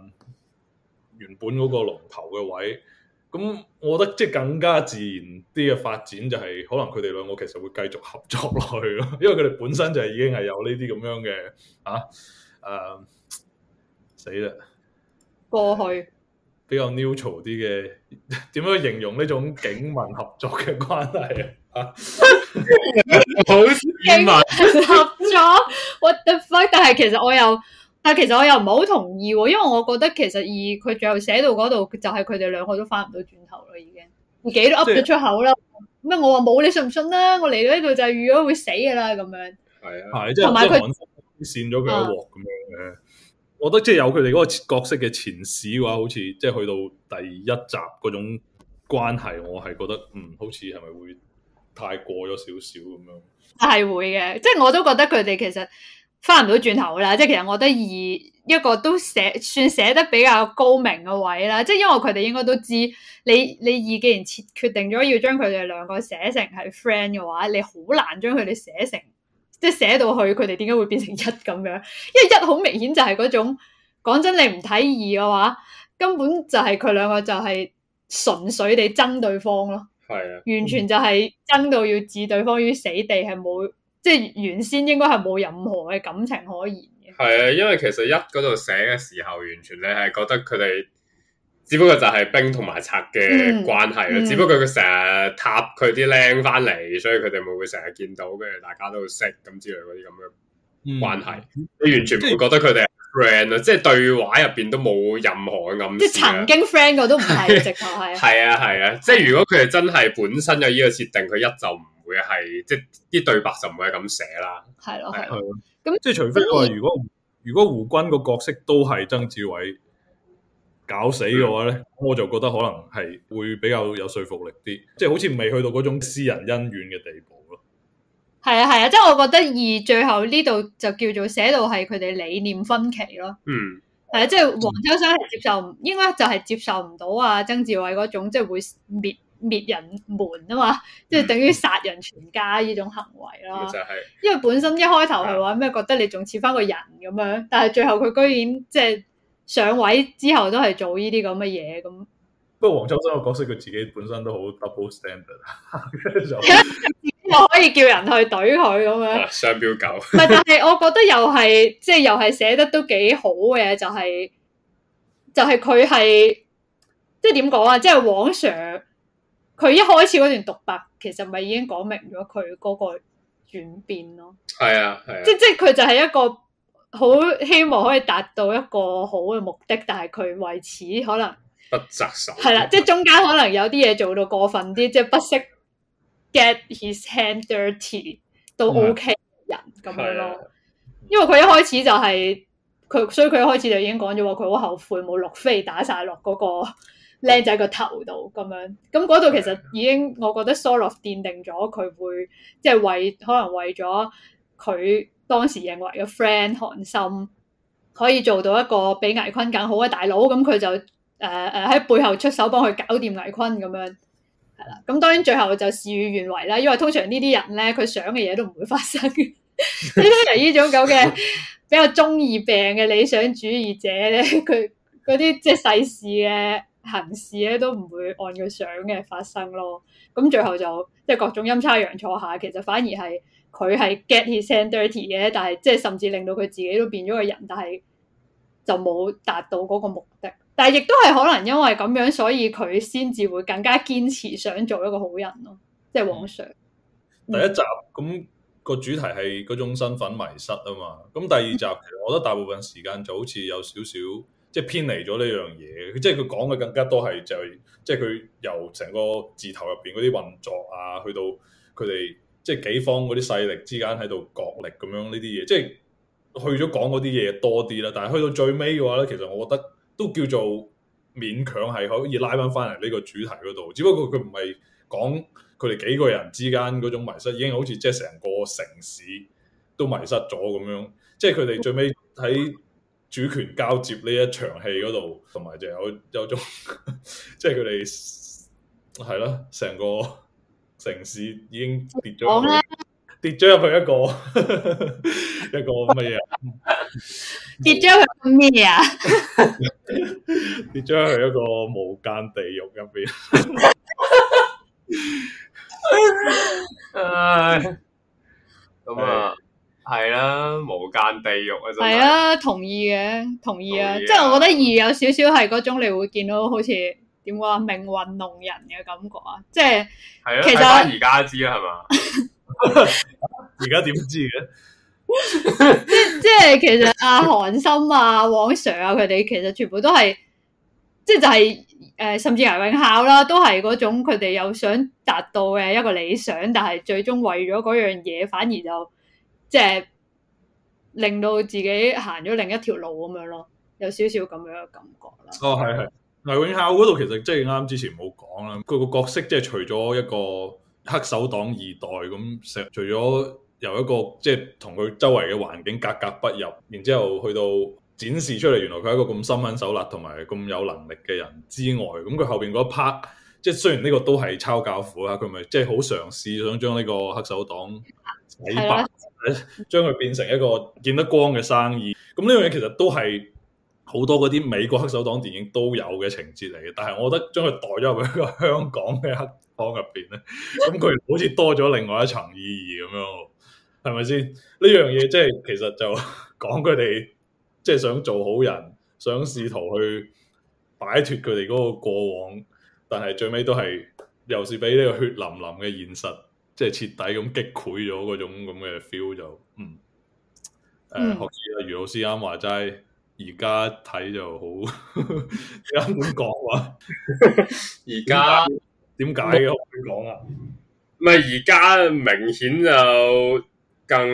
原本嗰個龍頭嘅位。咁、嗯，我覺得即係更加自然啲嘅發展就係，可能佢哋兩個其實會繼續合作落去咯，因為佢哋本身就係已經係有呢啲咁樣嘅啊，誒、啊，死啦，過去比較 neutral 啲嘅，點樣形容呢種警民合作嘅關係啊？警民合作 ，what the fuck？但係其實我又。但其實我又唔係好同意喎，因為我覺得其實二佢最後寫到嗰度，就係佢哋兩個都翻唔到轉頭啦，已經自己都噏咗出口啦。咩我話冇你信唔信啦？我嚟到呢度就係預咗會死噶啦，咁樣。係啊，係即係即係搵線咗佢一鑊咁樣嘅。我覺得即係有佢哋嗰個角色嘅前史嘅話，好似即係去到第一集嗰種關係，我係覺得嗯，好似係咪會太過咗少少咁樣？係會嘅，即係我都覺得佢哋其實。翻唔到轉頭啦，即係其實我覺得二一個都寫算寫得比較高明嘅位啦，即係因為佢哋應該都知，你你二既然決定咗要將佢哋兩個寫成係 friend 嘅話，你好難將佢哋寫成即係寫到去佢哋點解會變成一咁樣，因為一好明顯就係嗰種，講真你唔睇二嘅話，根本就係佢兩個就係純粹地憎對方咯，係啊的，完全就係憎到要置對方於死地，係冇。即係原先應該係冇任何嘅感情可言嘅。係啊，因為其實一嗰度寫嘅時候，完全你係覺得佢哋只不過就係兵同埋賊嘅關係啊。嗯嗯、只不過佢成日塔佢啲靚翻嚟，所以佢哋咪會成日見到，跟住大家都識咁之類嗰啲咁嘅關係。你、嗯、完全唔會覺得佢哋 friend 啊？即係、嗯就是、對話入邊都冇任何嘅暗示。即係曾經 friend 過都唔係 直頭係。係啊係啊，即係如果佢哋真係本身有呢個設定，佢一就唔。 會係即係啲對白就唔會係咁寫啦，係咯係咯，咁的那即係除非話如果如果胡軍個角色都係曾志偉搞死嘅話咧，嗯、我就覺得可能係會比較有說服力啲，即係好似未去到嗰種私人恩怨嘅地步咯。係啊係啊，即係我覺得二最後呢度就叫做寫到係佢哋理念分歧咯。嗯，係啊，即、就、係、是、黃秋生係接受，唔、嗯，應該就係接受唔到啊曾志偉嗰種即係、就是、會滅。滅人門啊嘛，即係等於殺人全家呢種行為咯。嗯、就係、是，因為本身一開頭係話咩，覺得你仲似翻個人咁樣，但係最後佢居然即係上位之後都係做呢啲咁嘅嘢咁。不過黃秋生個角色佢自己本身都好 double standard，咁 就 可以叫人去懟佢咁樣。商標狗。唔係， 但係我覺得又係即係又係寫得都幾好嘅，就係、是、就係佢係即係點講啊，即係往常。佢一開始嗰段獨白，其實咪已經講明咗佢嗰個轉變咯。係啊，係啊，即即係佢就係一個好希望可以達到一個好嘅目的，但係佢為此可能不擇手段。係啦、啊，即中間可能有啲嘢做到過分啲， 即不惜 get his hand dirty 都 OK 人咁、啊、樣咯。啊、因為佢一開始就係、是、佢，所以佢一開始就已經講咗話，佢好後悔冇陸飛打晒落嗰個。 靚仔個頭度咁樣，咁嗰度其實已經，我覺得 Soros 奠定咗佢會，即係為可能為咗佢當時認為嘅 friend 韓琛，可以做到一個比倪坤更好嘅大佬，咁佢就誒誒喺背後出手幫佢搞掂倪坤咁樣，係啦。咁當然最後就事與願違啦，因為通常呢啲人咧，佢想嘅嘢都唔會發生。呢啲係呢種咁嘅比較中二病嘅理想主義者咧，佢嗰啲即係世事嘅，行事咧都唔會按佢想嘅發生咯，咁最後就即係各種陰差陽錯下，其實反而係佢係 get his hand dirty 嘅，但係即係甚至令到佢自己都變咗個人，但係就冇達到嗰個目的。但係亦都係可能因為咁樣，所以佢先至會更加堅持想做一個好人咯，即係往常第一集咁，那個主題係嗰種身份迷失啊嘛，咁第二集其實 我覺得大部分時間就好似有少少。即係偏離咗呢樣嘢，即係佢講嘅更加多係就係，即係佢由成個字頭入邊嗰啲運作啊，去到佢哋即係幾方嗰啲勢力之間喺度角力咁樣呢啲嘢，即係去咗講嗰啲嘢多啲啦。但係去到最尾嘅話咧，其實我覺得都叫做勉強係可以拉翻翻嚟呢個主題嗰度，只不過佢唔係講佢哋幾個人之間嗰種迷失，已經好似即係成個城市都迷失咗咁樣，即係佢哋最尾喺。主權交接呢一場戲嗰度，同埋就有有種，即係佢哋係咯，成、就是就是、個城市已經跌咗， 跌咗入去一個 一個乜嘢？ 跌咗去乜嘢啊？跌咗去一個無間地獄入邊。哎 咁啊！係啦，無間地獄啊！係啊，啊，同意嘅，同意啊！意即係我覺得二有少少係嗰種，你會見到好似點講啊，命運弄人嘅感覺啊！即係，係啊，其實而家知啊，係嘛？而家點知嘅？即即係其實阿韓琛啊、王 Sir 啊佢哋，其實全部都係，即就係、是、誒、呃，甚至阿永孝啦，都係嗰種佢哋有想達到嘅一個理想，但係最終為咗嗰樣嘢，反而就。即係、就是，令到自己行咗另一條路咁樣咯，有少少咁樣嘅感覺啦。哦，係係，倪永孝嗰度其實即係啱之前冇講啦，佢個角色即係除咗一個黑手黨二代咁，除咗由一個即係同佢周圍嘅環境格、格格不入，然之後去到展示出嚟，原來佢係一個咁心狠手辣同埋咁有能力嘅人之外，咁佢後邊嗰 part 即係雖然呢個都係抄教父啊，佢咪即係好嘗試想將呢個黑手黨將佢變成一個見得光嘅生意，咁呢樣嘢，其實都係好多嗰啲美國黑手黨電影都有嘅情節嚟嘅，但係我覺得將佢代咗入去一個香港嘅黑幫入邊咧，咁佢好似多咗另外一層意義咁樣，係咪先？呢樣嘢即係其實就講佢哋即係想做好人，想試圖去擺脫佢哋嗰個過往，但係最尾都係又是俾呢個血淋淋嘅現實。即係徹底咁擊潰咗嗰種咁嘅 feel 就，嗯，誒、呃，學師啊，余老師啱話齋，而家睇就好，啱唔講話，而家點解嘅？唔講啊？唔係而家明顯就更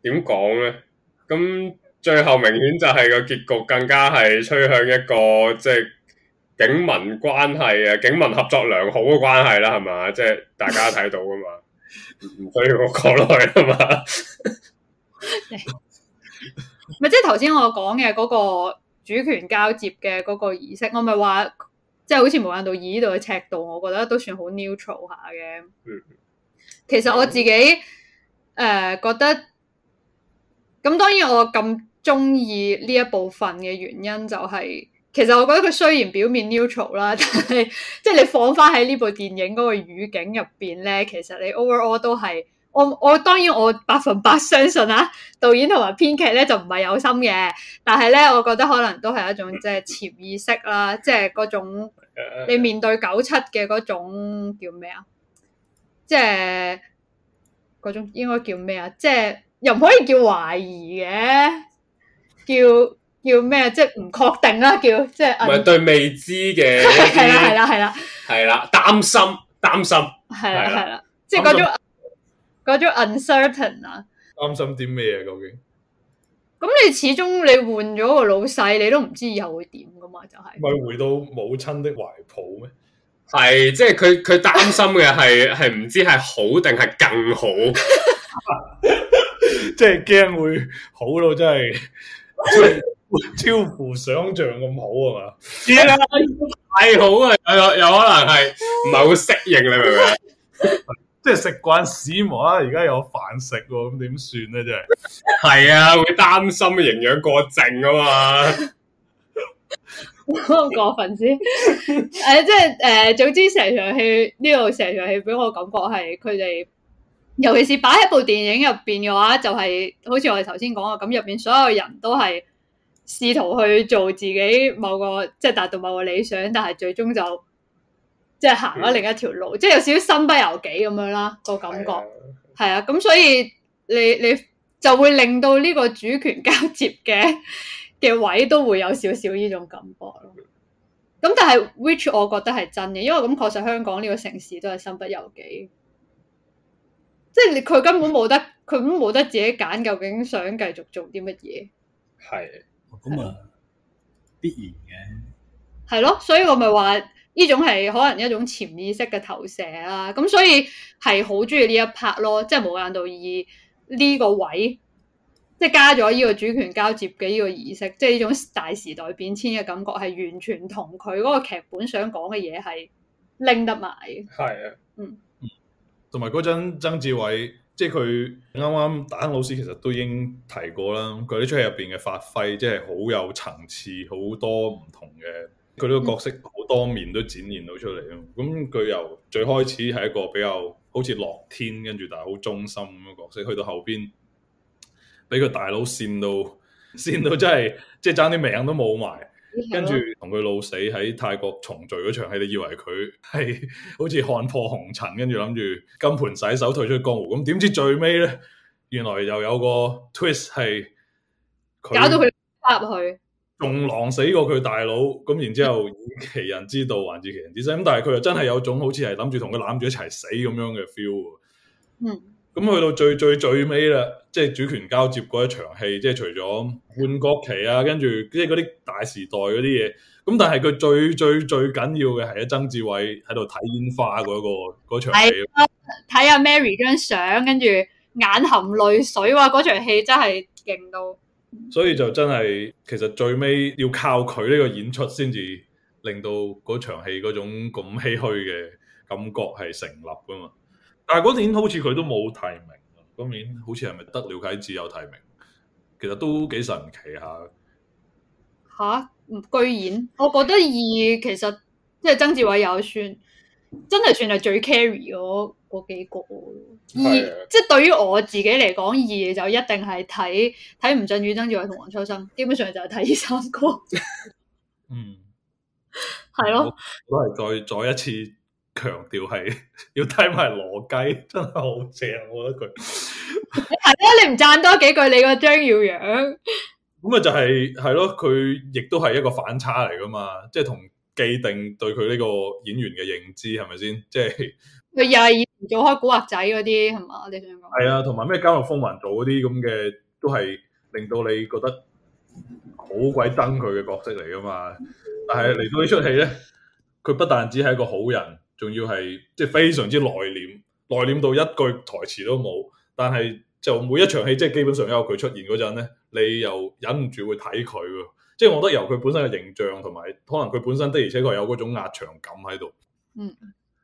點講咧？咁最後明顯就係個結局更加係趨向一個即係。就是警民關係啊，警民合作良好嘅關係啦，係嘛？即係大家睇到噶嘛？唔需要我講落去啦嘛？咪即係頭先我講嘅嗰個主權交接嘅嗰個儀式，我咪話即係好似無間道二度嘅尺度，我覺得都算好 neutral 下嘅。嗯、其實我自己誒、呃、覺得咁，當然我咁中意呢一部分嘅原因就係、是。其實我覺得佢雖然表面 neutral 啦，但係即係你放翻喺呢部電影嗰個語境入邊咧，其實你 overall 都係我我當然我百分百相信啊，導演同埋編劇咧就唔係有心嘅，但係咧我覺得可能都係一種即係潛意識啦，即係嗰種你面對九七嘅嗰種叫咩啊？即係嗰種應該叫咩啊？即係又唔可以叫懷疑嘅，叫。叫咩？即係唔確定啦，叫即係。唔係對未知嘅係啦，係啦，係啦，係啦，擔心，擔心，係啦，係、啊、啦，擔心，即係嗰種嗰種 uncertain 啊。擔心啲咩啊？究竟？咁你始終你換咗個老細，你都唔知以後會點㗎嘛？就係咪回到母親的懷抱咩？係即係佢佢擔心嘅係係唔知係好定係更好，哈哈 即係驚會好咯，真係係。超乎想象咁好啊嘛！係的好啊，有有可能係唔係好適應，你明唔明？即係食慣屎磨啦，而家有飯食咁點算咧？真係係啊，會擔心營養過剩啊嘛？好 過分先誒， uh, 即係誒，uh, 總之成場戲呢度成場戲俾我感覺係佢哋，尤其是擺喺部電影入邊嘅話，就係好似我哋頭先講啊，咁入邊所有人都係。試圖去做自己某個即係達到某個理想，但係最終就即係行咗另一條路，嗯、即係有少少身不由己咁樣啦、那個感覺，係、嗯、啊咁所以你你就會令到呢個主權交接嘅嘅位都會有少少呢種感覺咯。咁但係 which 我覺得係真嘅，因為咁確實香港呢個城市都係身不由己，即係佢根本冇得佢都冇得自己揀，究竟想繼續做啲乜嘢係。嗯嗯咁啊，必然嘅，係咯，所以我咪話呢種係可能一種潛意識嘅投射啦、啊。咁所以係好中意呢一 part 咯，即係無間道二呢個位，即係加咗呢個主權交接嘅呢個儀式，即係呢種大時代變遷嘅感覺，係完全同佢嗰個劇本想講嘅嘢係拎得埋。係啊的，嗯，同埋嗰陣曾志偉。即係佢啱啱打恩老師其實都已經提過啦，佢呢出戲入邊嘅發揮，即係好有層次，好多唔同嘅，佢呢個角色好多面都展現到出嚟咯。咁佢、嗯、由最開始係一個比較好似樂天，跟住但係好忠心咁嘅角色，去到後邊俾個大佬扇到，扇到真係即係爭啲名都冇埋，跟住同佢老死喺泰國重聚嗰場戲，你以為佢係好似看破紅塵，跟住諗住金盆洗手退出江湖，咁點知最尾咧，原來又有個 twist 係，搞到佢入去，仲狼死過佢大佬，咁然之後以其人之道還治其人之身，咁但係佢又真係有種好似係諗住同佢攬住一齊死咁樣嘅 feel，嗯，咁去到最最最尾啦。即係主權交接嗰一場戲，即係除咗換國旗啊，跟住即係嗰啲大時代嗰啲嘢。咁但係佢最最最緊要嘅係阿曾志偉喺度睇煙花嗰、嗰個嗰場戲。睇下、啊、Mary 張相，跟住眼含淚水哇、啊！嗰場戲真係勁到。所以就真係其實最尾要靠佢呢個演出先至令到嗰場戲嗰種咁唏噓嘅感覺係成立噶嘛。但係嗰年好似佢都冇提名。今年好似係咪得了解自有提名，其實都幾神奇下。吓、啊，居然！我覺得二其實即係、就是、曾志偉有算，真係算係最 carry 嗰嗰幾個二的即係對於我自己嚟講，二就一定係睇睇吳鎮宇、曾志偉同黃秋生，基本上就係睇呢三個。 嗯，係咯 的，都係再再一次。強調係要睇埋羅雞，真係好正，我覺得佢係咯， 你唔讚多幾句你個張耀揚咁啊？ 就係係咯，佢亦都係一個反差嚟噶嘛，即係同既定對佢呢個演員嘅認知係咪先？即係佢又係以前做開古惑仔嗰啲係嘛？你想講係啊？同埋咩《監獄風雲》做嗰啲咁嘅，都係令到你覺得好鬼憎佢嘅角色嚟噶嘛？但係嚟到呢出戲咧，佢不但只係一個好人。仲要係即係非常之內斂，內斂到一句台詞都冇。但係就每一場戲，即係基本上都有佢出現嗰陣咧，你又忍唔住會睇佢。即係我覺得由佢本身嘅形象，同埋可能佢本身的而且確有嗰種壓場感喺度。嗯，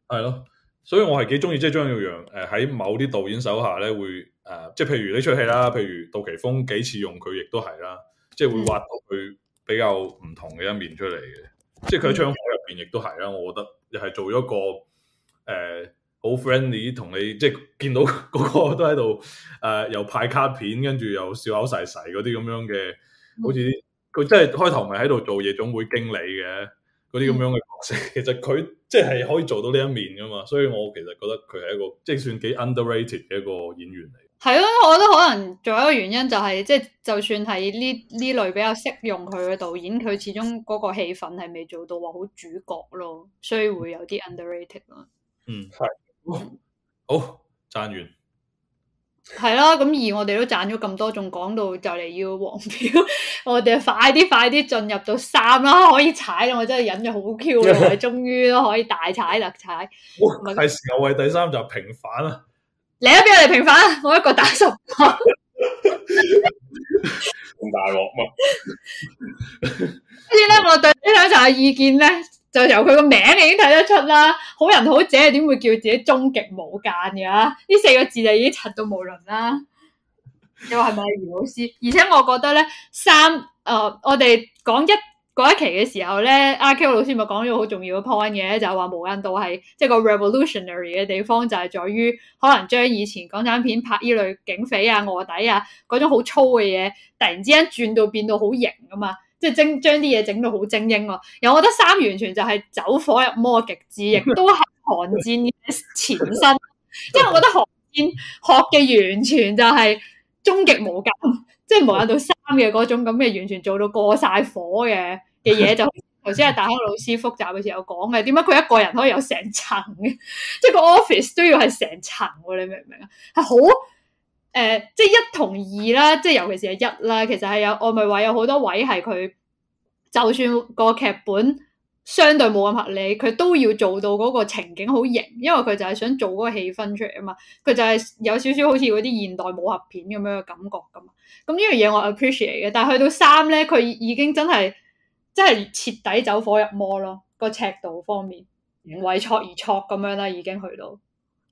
係咯。所以我係幾中意即係張耀揚誒喺某啲導演手下咧會誒、呃，即係譬如呢出戲啦，譬如杜琪峰幾次用佢亦都係啦，即係會挖到佢比較唔同嘅一面出嚟嘅。嗯嗯、即係佢喺《槍火》入邊亦都係啦，我覺得。又係做咗個誒好、呃、friendly 同你，即、就、係、是、見到個個都喺度誒，又派卡片，跟住又笑口噬噬嗰啲咁樣嘅，好似佢真係開頭咪喺度做夜總會經理嘅嗰啲咁樣嘅角色。其實佢即係可以做到呢一面噶嘛，所以我其實覺得佢係一個即係、就是、算幾 underrated 嘅一個演員嚟。係咯，我覺得可能仲有一個原因就係、是，即、就、係、是、就算係呢呢類比較適用佢嘅導演，佢始終嗰個戲份係未做到話好主角咯，所以會有啲 underrated 咯。嗯，係、哦嗯、好讚完係啦，咁而我哋都賺咗咁多，仲講到就嚟要黃標， 我哋快啲快啲進入到三啦，可以踩啦！我真係忍咗好 Q 啦，我終於都可以大踩特踩。係時候為第三就平反啦。你喺我哋評分？我一個打十，咁大鑊嘛？跟住咧，我對呢兩集嘅意見咧，就由佢個名已經睇得出啦。好人好者點會叫自己終極無間嘅？呢四個字就已經塵到冇論啦。你話係咪余老師？而且我覺得咧，三誒、呃，我哋講一。嗰一期嘅時候咧，阿、啊、Q 老師咪講咗好重要嘅 point 嘅，就係、是、話無間道係即係個 revolutionary 嘅地方，就係在於可能將以前港產片拍依類警匪啊、臥底啊嗰種好粗嘅嘢，突然之間轉到變到好型啊嘛，即係精將啲嘢整到好精英啊。然後我覺得三完全就係走火入魔極致，亦都係寒戰前身。即係 我覺得寒戰學嘅完全就係終極無間，即、就、係、是、無間道三嘅嗰種咁嘅完全做到過晒火嘅。嘅嘢就頭先係大學老師復習嘅時候講嘅，點解佢一個人可以有成層嘅？即 係個 office 都要係成層，你明唔明啊？係好誒，即係一同二啦，即係尤其是係一啦。其實係有我咪話有好多位係佢，就算個劇本相對冇咁合理，佢都要做到嗰個情景好型，因為佢就係想做嗰個氣氛出嚟啊嘛。佢就係有少少好似嗰啲現代武俠片咁樣嘅感覺咁嘛。咁呢樣嘢我 appreciate 嘅，但係去到三咧，佢已經真係。真係徹底走火入魔咯！個尺度方面，為錯、嗯、而錯咁樣啦，已經去到。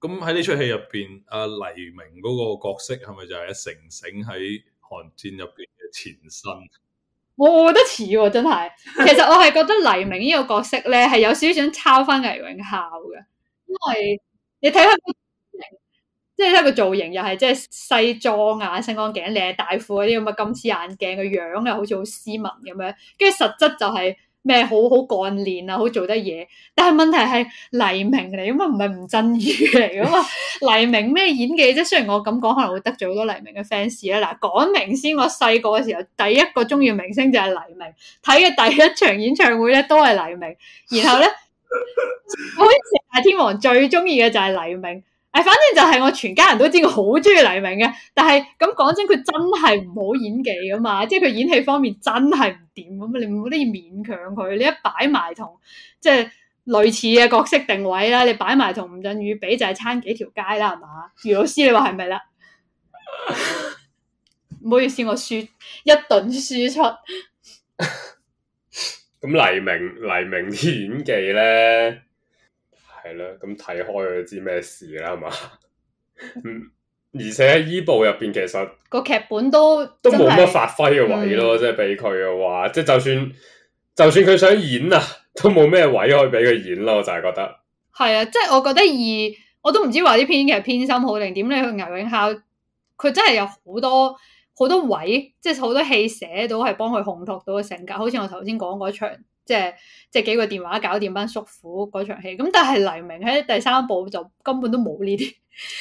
咁喺呢出戲入邊，阿、啊、黎明嗰個角色係咪就係阿成城喺寒戰入邊嘅前身？我、嗯哦、我覺得似喎、啊，真係。其實我係覺得黎明呢個角色咧係有少少想抄翻黎永孝嘅，因為你睇下。即係一個造型又係即係西裝啊，星光鏡、領大褲嗰啲咁嘅金絲眼鏡嘅樣，又好似好斯文咁樣。跟住實質就係咩好好幹練啊，好做得嘢。但係問題係黎明嚟，咁啊唔係吳鎮宇嚟，咁啊 黎明咩演技啫？雖然我咁講，可能會得罪好多黎明嘅 fans 啊。嗱，講明先，我細個嘅時候第一個中意明星就係黎明，睇嘅第一場演唱會咧都係黎明。然後咧， 我以前大天王最中意嘅就係黎明。誒，反正就係我全家人都知我好中意黎明嘅，但係咁講真，佢真係唔好演技噶嘛，即係佢演戲方面真係唔掂，咁你唔可以勉強佢，你一擺埋同即係類似嘅角色定位啦，你擺埋同吳鎮宇比就係、是、差幾條街啦，係嘛？余老師，你話係咪啦？唔 好意思，我輸一頓輸出。咁 黎明黎明嘅演技咧？係啦，咁睇開佢知咩事啦，係嘛？嗯， 而且依部入邊其實個劇本都都冇乜發揮嘅位咯，嗯、即係俾佢嘅話，即係就算就算佢想演啊，都冇咩位可以俾佢演咯，我就係覺得。係啊，即係我覺得二，我都唔知話啲編劇偏心好定點，你去倪永孝，佢真係有好多好多位，即係好多戲寫到係幫佢烘托到個性格，好似我頭先講嗰場。即係即係幾個電話搞掂班叔父嗰場戲，咁但係黎明喺第三部就根本都冇呢啲，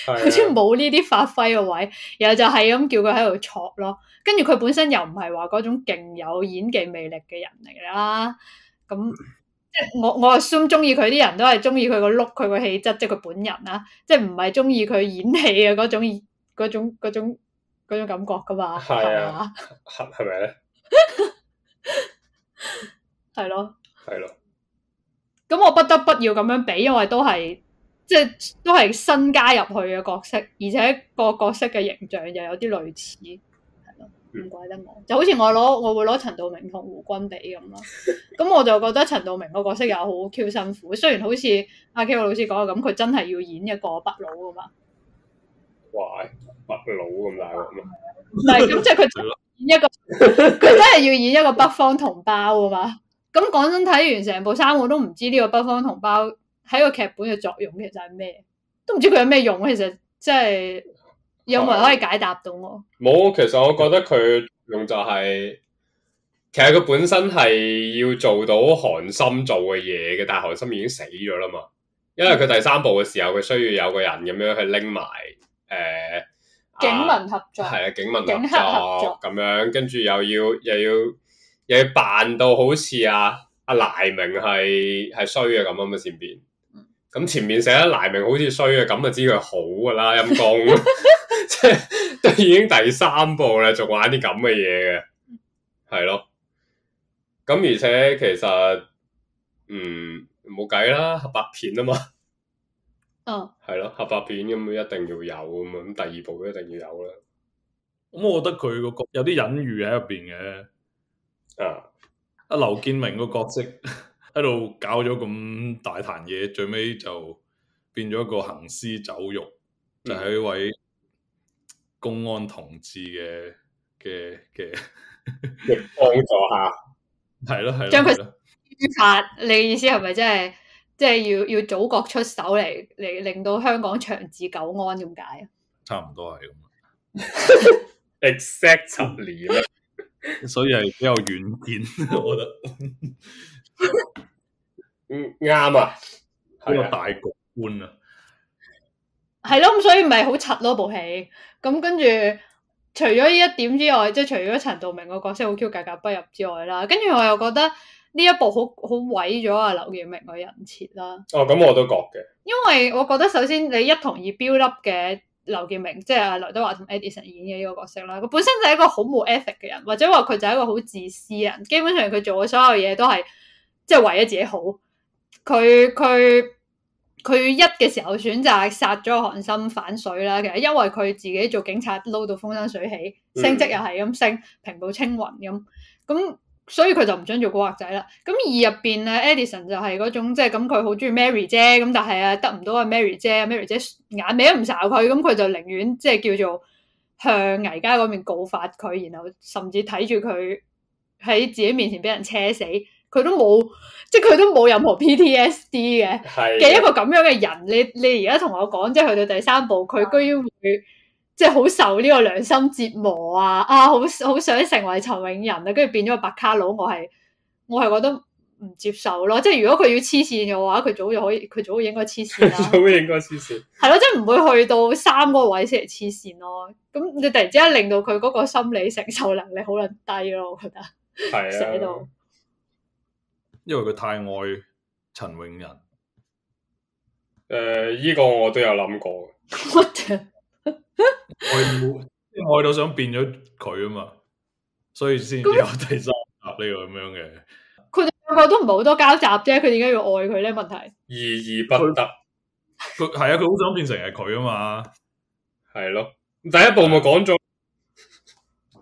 好似冇呢啲發揮嘅位，然後就係咁叫佢喺度挫咯。跟住佢本身又唔係話嗰種勁有演技魅力嘅人嚟啦。咁即係我我啊中意佢啲人都係中意佢個 look，佢個氣質，即係佢本人啊，即係唔係中意佢演戲嘅嗰種種種種，種感覺噶嘛？係啊，係咪咧？係咯，係咯、嗯。咁、嗯、我不得不要咁樣比，因為都係即係都係新加入去嘅角色，而且個角色嘅形象又有啲類似，係咯，唔怪得我就好似我攞我會攞陳道明同胡軍比咁咯。咁我就覺得陳道明個角色又好 Q 辛苦，雖然好似阿 Ko 老師講嘅咁，佢真係要演一個北佬啊嘛。哇！北佬咁大鑊咩？唔係、嗯、咁、嗯、即係佢演一個，佢 真係要演一個北方同胞啊嘛。咁講真，睇完成部三，我都唔知呢個北方同胞喺個劇本嘅作用其實係咩，都唔知佢有咩用。其實即係有冇人可以解答到我？冇，啊，其實我覺得佢用就係，其實佢本身係要做到韓心做嘅嘢嘅，但係韓心已經死咗啦嘛。因為佢第三部嘅時候，佢需要有個人咁樣去拎埋誒警民合作，係啊，啊警民合作咁樣，跟住又要又要。又要又要扮到好似阿阿黎明係係衰嘅咁啊嘛，前邊咁，前邊寫黎明好似衰嘅咁，就知佢好噶啦陰公，即係、 即係、都已經第三部啦，仲玩啲咁嘅嘢嘅，係咯。咁而且其實嗯冇計啦，黑白片啊嘛，嗯係咯，黑白片咁一定要有啊，咁第二部一定要有啦。咁、嗯、我覺得佢嗰局有啲隱喻喺入邊嘅。啊！阿劉、uh, 建明個角色喺度搞咗咁大壇嘢，最尾就變咗一個行屍走肉，嗯、就係一位公安同志嘅嘅嘅，幫助下，係咯係咯，將佢法，你嘅意思係咪即係即係要要祖國出手嚟嚟令到香港長治久安咁解啊？ 差唔多係咁 ，exactly。所以係比較軟件，我覺得， 嗯，啱啊，呢個、嗯、 大局觀啊，係咯，咁所以唔係好柒咯部戲。咁跟住除咗呢一點之外，即係除咗陳道明個角色好 Q 格格不入之外啦，跟住我又覺得呢一部好好毀咗啊劉建明嘅人設啦。哦，咁我都覺嘅，因為我覺得首先你一同意標粒嘅。劉建明即係啊，就是、劉德華同 Edison 演嘅呢個角色啦。佢本身就係一個好冇 effort 嘅人，或者話佢就係一個好自私嘅人。基本上佢做嘅所有嘢都係即係為咗自己好。佢佢佢一嘅時候選擇殺咗韓琛反水啦。其實因為佢自己做警察撈到風生水起，嗯、升職又係咁升，平步青雲咁咁。所以佢就唔想做古惑仔啦。咁二入邊咧，Edison 就係嗰種即係咁，佢好中意 Mary 姐，咁但係啊得唔到阿 Mary 姐，Mary 姐眼尾都唔睄佢，咁佢就寧願即係叫做向倪家嗰邊告發佢，然後甚至睇住佢喺自己面前俾人車死，佢都冇即係佢都冇任何 PTSD 嘅嘅一個咁樣嘅人。的你你而家同我講，即係去到第三部，佢居然會。即係好受呢個良心折磨啊！啊，好好想成為陳永仁啊。跟住變咗個白卡佬。我係我係覺得唔接受咯。即係如果佢要黐線嘅話，佢早就可以，佢早應該黐線啦。 早應該黐線。係咯，即係唔會去到三個位先嚟黐線咯。咁你突然之間令到佢嗰個心理承受能力可能低咯，我覺得。係啊。寫到，因為佢太愛陳永仁。誒、呃、依、這個我都有諗過嘅。乜嘢？愛 愛到想變咗佢啊嘛，所以先有第三集呢個咁樣嘅。佢哋兩個都唔係好多交集啫，佢點解要愛佢咧？問題，意而不得。佢係啊，佢好想變成係佢啊嘛，係咯。 第一步咪講咗。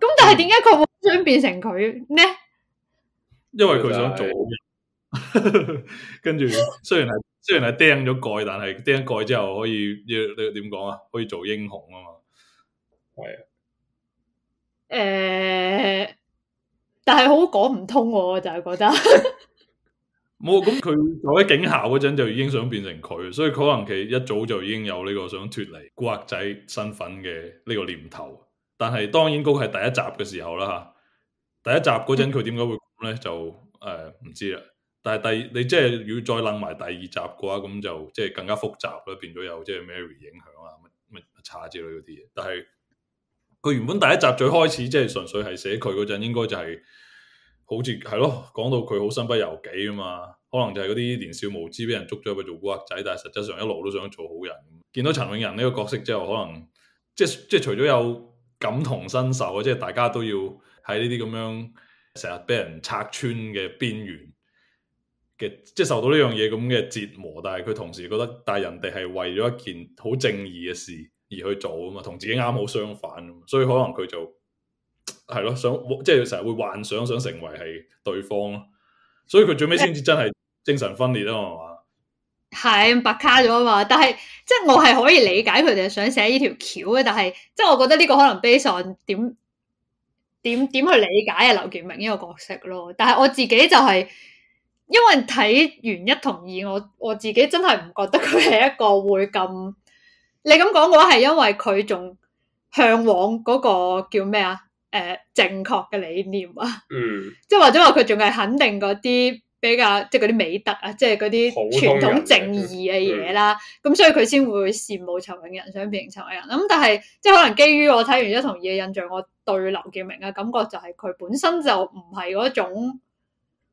咁 但係點解佢好想變成佢咧？因為佢想做，好 跟住雖然係。雖然係釘咗蓋，但係釘蓋之後可以你要點講啊？可以做英雄啊嘛？係啊，誒、欸，但係好講唔通、啊，我就係覺得，冇咁，佢喺警校嗰陣就已經想變成佢，所以可能佢一早就已經有呢個想脫離古惑仔身份嘅呢個念頭。但係當然嗰個係第一集嘅時候啦，吓第一集嗰陣佢點解會咁咧、嗯、就誒唔、呃、知啦。但係第二你即係要再諗埋第二集嘅話，咁就即係更加複雜啦，變咗有即係 Mary 影響啊、乜乜叉之類嗰啲嘢。但係佢原本第一集最開始即係純粹係寫佢嗰陣，應該就係好似係咯，講到佢好身不由己啊嘛。可能就係嗰啲年少無知，俾人捉咗去做古惑仔，但係實際上一路都想做好人。見到陳永仁呢個角色之後，可能即即係除咗有感同身受啊，即係大家都要喺呢啲咁樣成日俾人拆穿嘅邊緣。嘅即係受到呢樣嘢咁嘅折磨，但係佢同時覺得，但係人哋係為咗一件好正義嘅事而去做啊嘛，同自己啱好相反，所以可能佢就係咯，想即係成日會幻想想成為係對方咯，所以佢最尾先至真係精神分裂啊嘛，係嘛，係白卡咗啊嘛，但係即係我係可以理解佢哋想寫呢條橋嘅，但係即係我覺得呢個可能 base on 點點點去理解啊劉建明呢個角色咯，但係我自己就係、是。因為睇完一同二，我我自己真係唔覺得佢係一個會咁，你咁講嘅話係因為佢仲向往嗰、那個叫咩啊？誒、呃，正確嘅理念啊，嗯，即係或者話佢仲係肯定嗰啲比較即係嗰啲美德啊，即係嗰啲傳統正義嘅嘢啦，咁、嗯、所以佢先會羨慕陳永仁，想變成陳永仁。咁、嗯、但係即係可能基於我睇完一同二嘅印象，我對劉建明嘅感覺就係佢本身就唔係嗰種。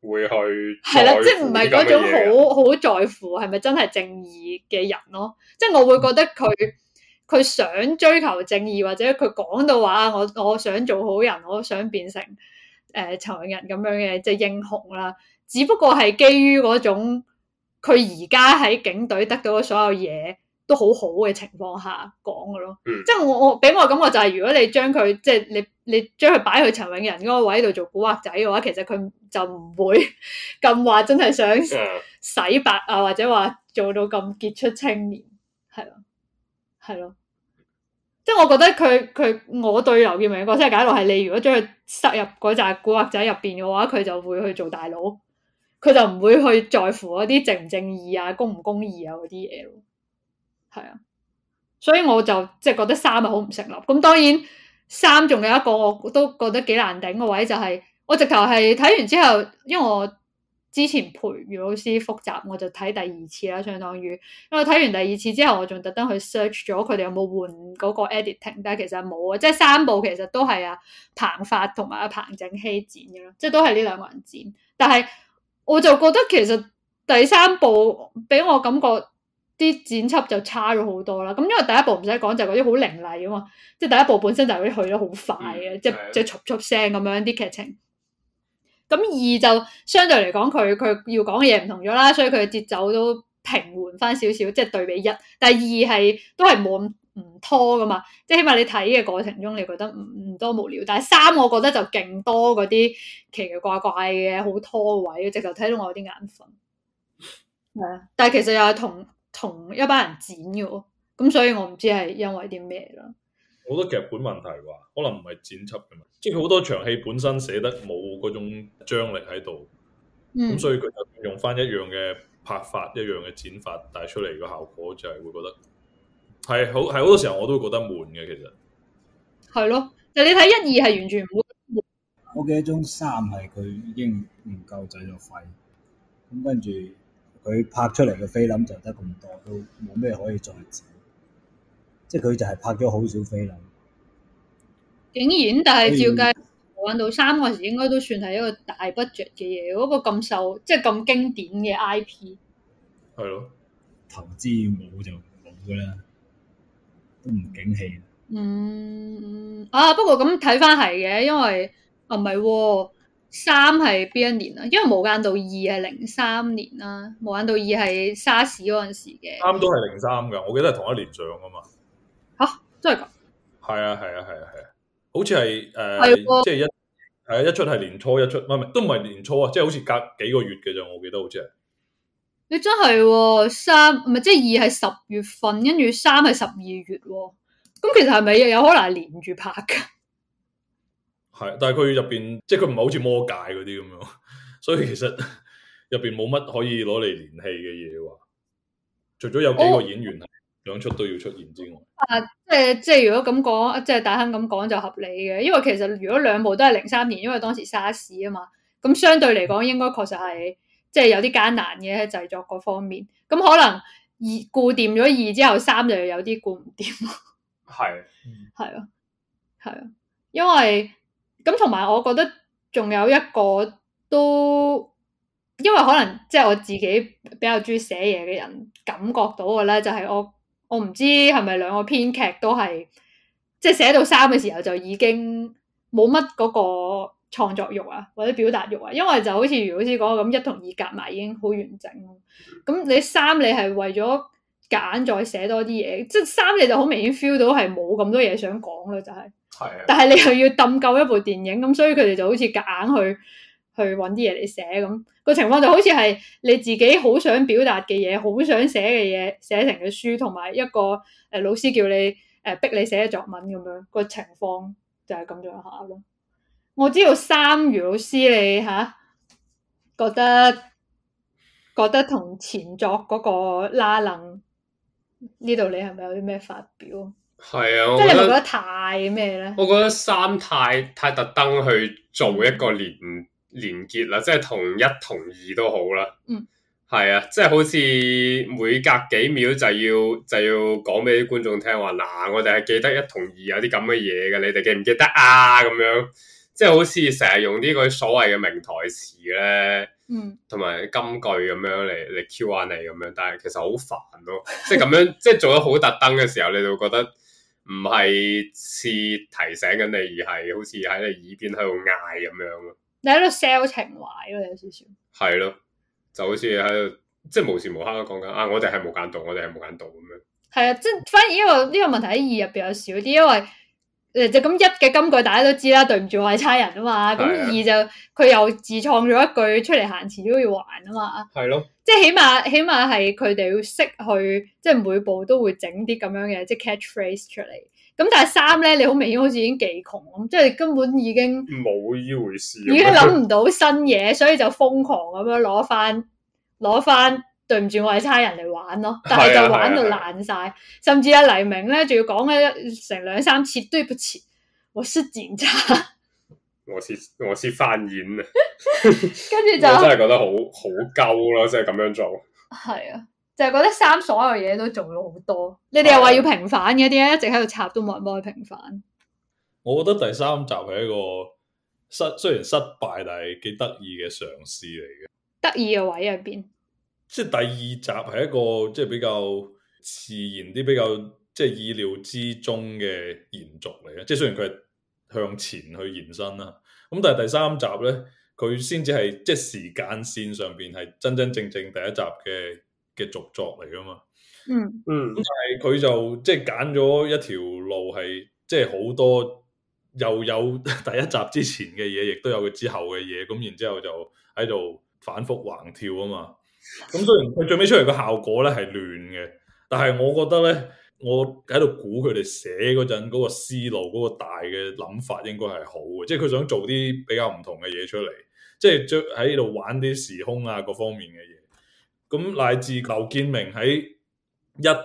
會去係啦，即係唔係嗰種好好在乎係咪真係正義嘅人咯？即係我會覺得佢佢想追求正義，或者佢講到話我我想做好人，我想變成誒陳永仁咁樣嘅即係英雄啦。只不過係基於嗰種佢而家喺警隊得到嘅所有嘢。都好好嘅情況下講嘅咯，嗯、即係我我俾我感覺就係，如果你將佢即係你你將佢擺去陳永仁嗰個位度做古惑仔嘅話，其實佢就唔會咁話真係想洗白啊，或者話做到咁傑出青年係咯，係咯，即係我覺得佢佢我對劉建明個真係解讀係，你如果將佢塞入嗰紮古惑仔入邊嘅話，佢就會去做大佬，佢就唔會去在乎嗰啲正唔正義啊、公唔公義啊嗰啲嘢咯。係啊，所以我就即係、就是、覺得三係好唔成立。咁當然三仲有一個我都覺得幾難頂嘅位，就係、是、我直頭係睇完之後，因為我之前陪余老師復習，我就睇第二次啦，相當於因為睇完第二次之後，我仲特登去 search 咗佢哋有冇換嗰個 editing，但係其實冇啊，即、就、係、是、三部其實都係阿彭發同埋阿彭正熙剪嘅咯，即、就、係、是、都係呢兩個人剪。但係我就覺得其實第三部俾我感覺。啲剪輯就差咗好多啦，咁因為第一部唔使講就嗰啲好凌厲啊嘛，即係第一部本身就嗰啲去得好快嘅，嗯、即係的即係嘈嘈聲咁樣啲劇情。咁二就相對嚟講，佢佢要講嘅嘢唔同咗啦，所以佢嘅節奏都平緩翻少少，即係對比一。但係二係都係冇唔拖噶嘛，即係起碼你睇嘅過程中，你覺得唔唔多無聊。但係三我覺得就勁多嗰啲奇奇怪怪嘅，好拖位，直頭睇到我有啲眼瞓。係啊，但係其實又係同。同一班人剪嘅，咁所以我唔知係因為啲咩咯。好多劇本問題啩，可能唔係剪輯嘅，即係好多場戲本身寫得冇嗰種張力喺度，咁、嗯、所以佢就用翻一樣嘅拍法，一樣嘅剪法帶出嚟，嘅效果就係會覺得係好係好多時候我都覺得悶嘅，其實係咯，就你睇一二係完全唔會悶。我記得中三係佢已經唔夠製作費，咁跟住。佢拍出嚟嘅菲林就得咁多，都冇咩可以再止，即係佢就係拍咗好少菲林，竟然，但係照計揾以到三嗰陣時，應該都算係一個大 budget 嘅嘢。嗰、嗰個咁受，即係咁經典嘅 IP。係咯，投資冇就冇㗎啦，都唔景氣。嗯啊，不過咁睇翻係嘅，因為啊，唔係喎。三係邊一年啊？因為無、啊《無間道二》係零三年啦，《無間道二》係沙士嗰陣時嘅。啱都係零三噶，我記得係同一年上噶嘛。吓、啊，真係噶？係啊係啊係啊係啊，啊啊啊好似係誒，呃啊、即係一係一出係年初，一出唔係都唔係年初啊，即係好似隔幾個月嘅咋，我記得好似係。你真係、哦，三唔係即係二係十月份，跟住三係十二月、哦，咁、嗯、其實係咪有可能係連住拍噶？係，但係佢入邊即係佢唔係好似魔界嗰啲咁樣，所以其實入邊冇乜可以攞嚟連戲嘅嘢話，除咗有幾個演員兩出都要出現之外，哦、啊，即係即係如果咁講，即係大亨咁講就合理嘅，因為其實如果兩部都係零三年，因為當時沙士 r 啊嘛，咁相對嚟講應該確實係即係有啲艱難嘅製作嗰方面，咁可能二固掂咗二之後三就有啲固唔掂咯，係的，係啊， 係啊，因為。咁同埋，我覺得仲有一個都，因為可能即係我自己比較中意寫嘢嘅人，感覺到嘅咧就係我，我唔知係咪兩個編劇都係，即係寫到三嘅時候就已經冇乜嗰個創作欲啊，或者表達欲啊，因為就好似余老師講咁，一同二夾埋已經好完整，咁你三你係為咗夾硬再寫多啲嘢，即係三你就好明顯 feel 到係冇咁多嘢想講啦，就係。係，但係你又要揼夠一部電影咁，所以佢哋就好似夾硬去去揾啲嘢嚟寫咁，個情況就好似係你自己好想表達嘅嘢，好想寫嘅嘢寫成嘅書，同埋一個誒、呃、老師叫你誒、呃、逼你寫嘅作文咁樣，個情況就係咁上下咯。我知道三如老師你吓覺得覺得同前作嗰個拉楞呢度你係咪有啲咩發表？係啊，即係你覺得太咩咧？我覺得三太太特登去做一個連連結啦，即係同一同二都好啦。嗯，係啊，即係好似每隔幾秒就要就要講俾啲觀眾聽話，嗱，我哋係記得一同二有啲咁嘅嘢嘅，你哋記唔記得啊？咁樣即係好似成日用啲佢所謂嘅名台詞咧，嗯，同埋金句咁樣嚟，嚟 cue 下你咁樣，但係其實好煩咯，即係咁樣即係做咗好特登嘅時候，你就覺得。唔係似提醒緊你，而係好似喺你耳邊喺度嗌咁樣咯。你喺度 sell 情懷咯，有少少。係咯，就好似喺度，即係無時無刻都講緊啊！我哋係無間道，我哋係無間道咁樣。係啊，即係反而呢個呢個問題喺二入邊有少啲，因為。誒，就咁一嘅金句大家都知啦，對唔住，我係差人啊嘛。咁是的 二就佢又自創咗一句出嚟，行，遲早要還啊嘛。係咯是的，即係起碼起碼係佢哋會識去，即係每步都會整啲咁樣嘅即係 catchphrase 出嚟。咁但係三咧，你明顯好明顯好似已經幾窮咁，即係根本已經冇呢回事，已經諗唔到新嘢， 所以就瘋狂咁樣攞翻攞翻。對唔住，我係差人嚟，玩咯，但係就玩到爛晒，甚至阿黎明咧，仲要講咧成兩三次對不起，我識剪差，我先我先翻演啊，跟住 就我真係覺得好好鳩咯，即係咁樣做。係啊，就係、是、覺得三所有嘢都做咗好多，啊、你哋又話要平反嗰啲咧，一直喺度插都冇人幫佢平反。我覺得第三集係一個失雖然失敗，但係幾得意嘅嘗試嚟嘅。得意嘅位入邊？即係第二集係一個即係比較自然啲、比較即係意料之中嘅延續嚟嘅，即係雖然佢係向前去延伸啦，咁但係第三集咧，佢先至係即係時間線上邊係真真正正第一集嘅嘅續作嚟噶嘛。嗯嗯，咁但係佢就即係揀咗一條路係，即係好多又有第一集之前嘅嘢，亦都有佢之後嘅嘢，咁然之後就喺度反复橫跳啊嘛。咁雖然佢最尾出嚟個效果咧係亂嘅，但係我覺得咧，我喺度估佢哋寫嗰陣嗰個思路，嗰、嗰個大嘅諗法應該係好嘅，即係佢想做啲比較唔同嘅嘢出嚟，即係喺度玩啲時空啊各方面嘅嘢。咁乃至劉建明喺一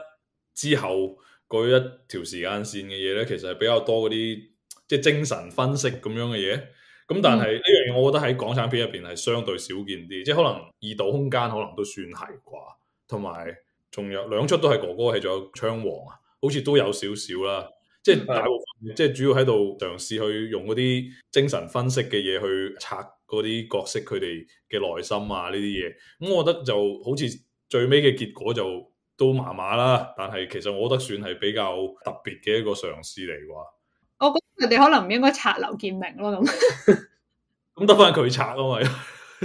之後嗰一條時間線嘅嘢咧，其實係比較多嗰啲即係精神分析咁樣嘅嘢。咁、嗯、但係呢樣嘢，我覺得喺港產片入面係相對少見啲，即、就是、可能異度空間可能都算係啩，同埋仲有，有兩出都係哥哥，係仲有槍王啊，好似都有少少啦。即係大部分，即係主要喺度嘗試去用嗰啲精神分析嘅嘢去拆嗰啲角色佢哋嘅內心啊，呢啲嘢。咁我覺得就好似最尾嘅結果就都麻麻啦，但係其實我覺得算係比較特別嘅一個嘗試嚟啩。人哋可能唔應該拆劉建明咯，咁咁得翻佢拆啊嘛，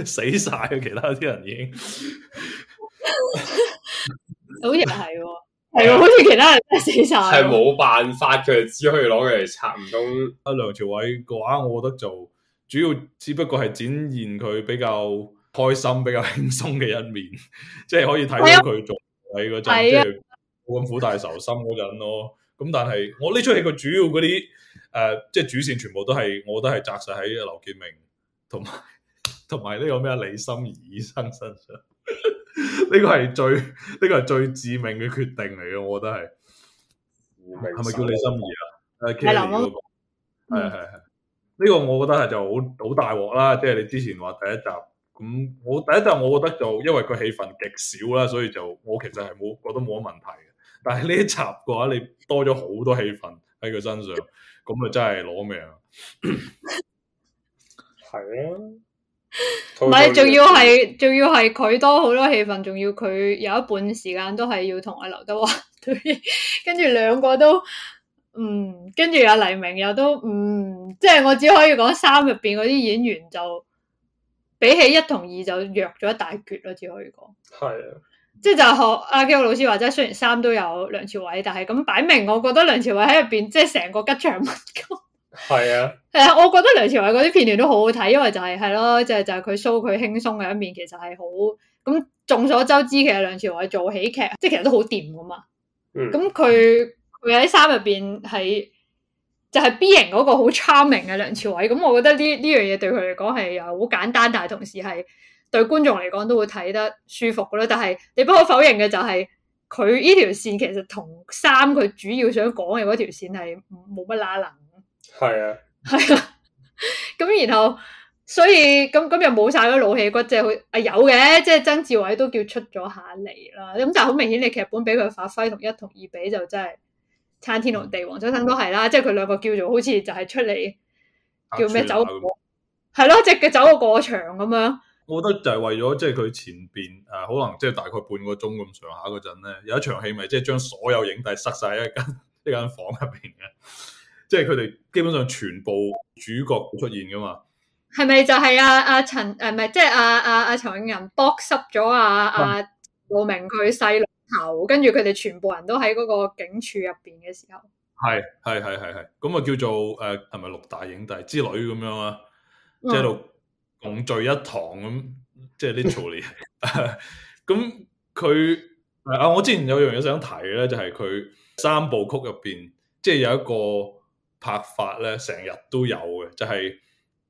死晒嘅其他啲人已經 好，好似係係，好似其他人真死晒，係冇辦法嘅，只可以攞佢嚟拆。唔到阿梁朝偉嘅話，我覺得就主要只不過係展現佢比較開心、比較輕鬆嘅一面，即、就、係、是、可以睇到佢做喺嗰陣，即係冇咁苦大仇深嗰陣咯。咁但係我呢齣戲個主要嗰啲。誒，uh, 即係主線全部都係，我都係紮實喺劉建明同埋同埋呢個咩啊李心怡醫生身上，呢 個係最呢、這個係最致命嘅決定嚟嘅，我覺得係。係咪叫李心怡啊？係劉哥，係係係，呢、嗯這個我覺得係就好好大鑊啦！即、就、係、是、你之前話第一集咁，我第一集我覺得就因為佢戲份極少啦，所以就我其實係冇覺得冇乜問題嘅。但係呢一集嘅話，你多咗好多戲份喺佢身上。 咁咪真係攞命！係 啊，唔係仲要係，仲要係佢多好多戲份，仲要佢有一半時間都係要同阿劉德華對，跟住兩個都，嗯，跟住阿黎明又都，嗯，即係我只可以講三入邊嗰啲演員就比起一同二就弱咗一大橛啦，只可以講。係啊。即係就學阿基佬老師話齋，雖然三都有梁朝偉，但係咁擺明，我覺得梁朝偉喺入邊即係成個吉祥物。係 啊，係啊，我覺得梁朝偉嗰啲片段都好好睇，因為就係係咯，就係、是、就係、是、佢 show 佢輕鬆嘅一面，其實係好咁眾所周知其實，梁朝偉做喜劇，即係其實都好掂噶嘛。咁佢佢喺三入邊係就係、是、B 型嗰個好 charming 嘅梁朝偉。咁我覺得呢呢樣嘢對佢嚟講係好簡單，但係同時係。對觀眾嚟講都會睇得舒服嘅咧，但係你不可否認嘅就係佢呢條線其實同三佢主要想講嘅嗰條線係冇乜拉能。係啊，係 啊，咁然後所以咁咁又冇晒嗰腦氣骨，即係佢啊有嘅，即係曾志偉都叫出咗下嚟啦。咁但係好明顯你劇本俾佢發揮同一同二比就真係差天共地，黃秋生都係啦，即係佢兩個叫做好似就係出嚟叫咩走，係咯只嘅走個過場咁樣。我覺得就係為咗即係佢前邊誒、啊，可能即係大概半個鐘咁上下嗰陣咧，有一場戲咪即係將所有影帝塞晒一間一間房入邊嘅，即係佢哋基本上全部主角出現噶嘛？係咪就係阿阿陳誒？唔係即係阿阿阿陳永仁 box 咗阿阿羅明佢細佬，跟住佢哋全部人都喺嗰個警署入邊嘅時候，係係係係係，咁啊叫做誒係咪六大影帝之類咁樣啊？即係度。共聚一堂咁，即係 literally。咁佢 啊， 我之前有樣嘢想提嘅咧，就係、是、佢三部曲入邊，即、就、係、是、有一個拍法咧，成日都有嘅，就係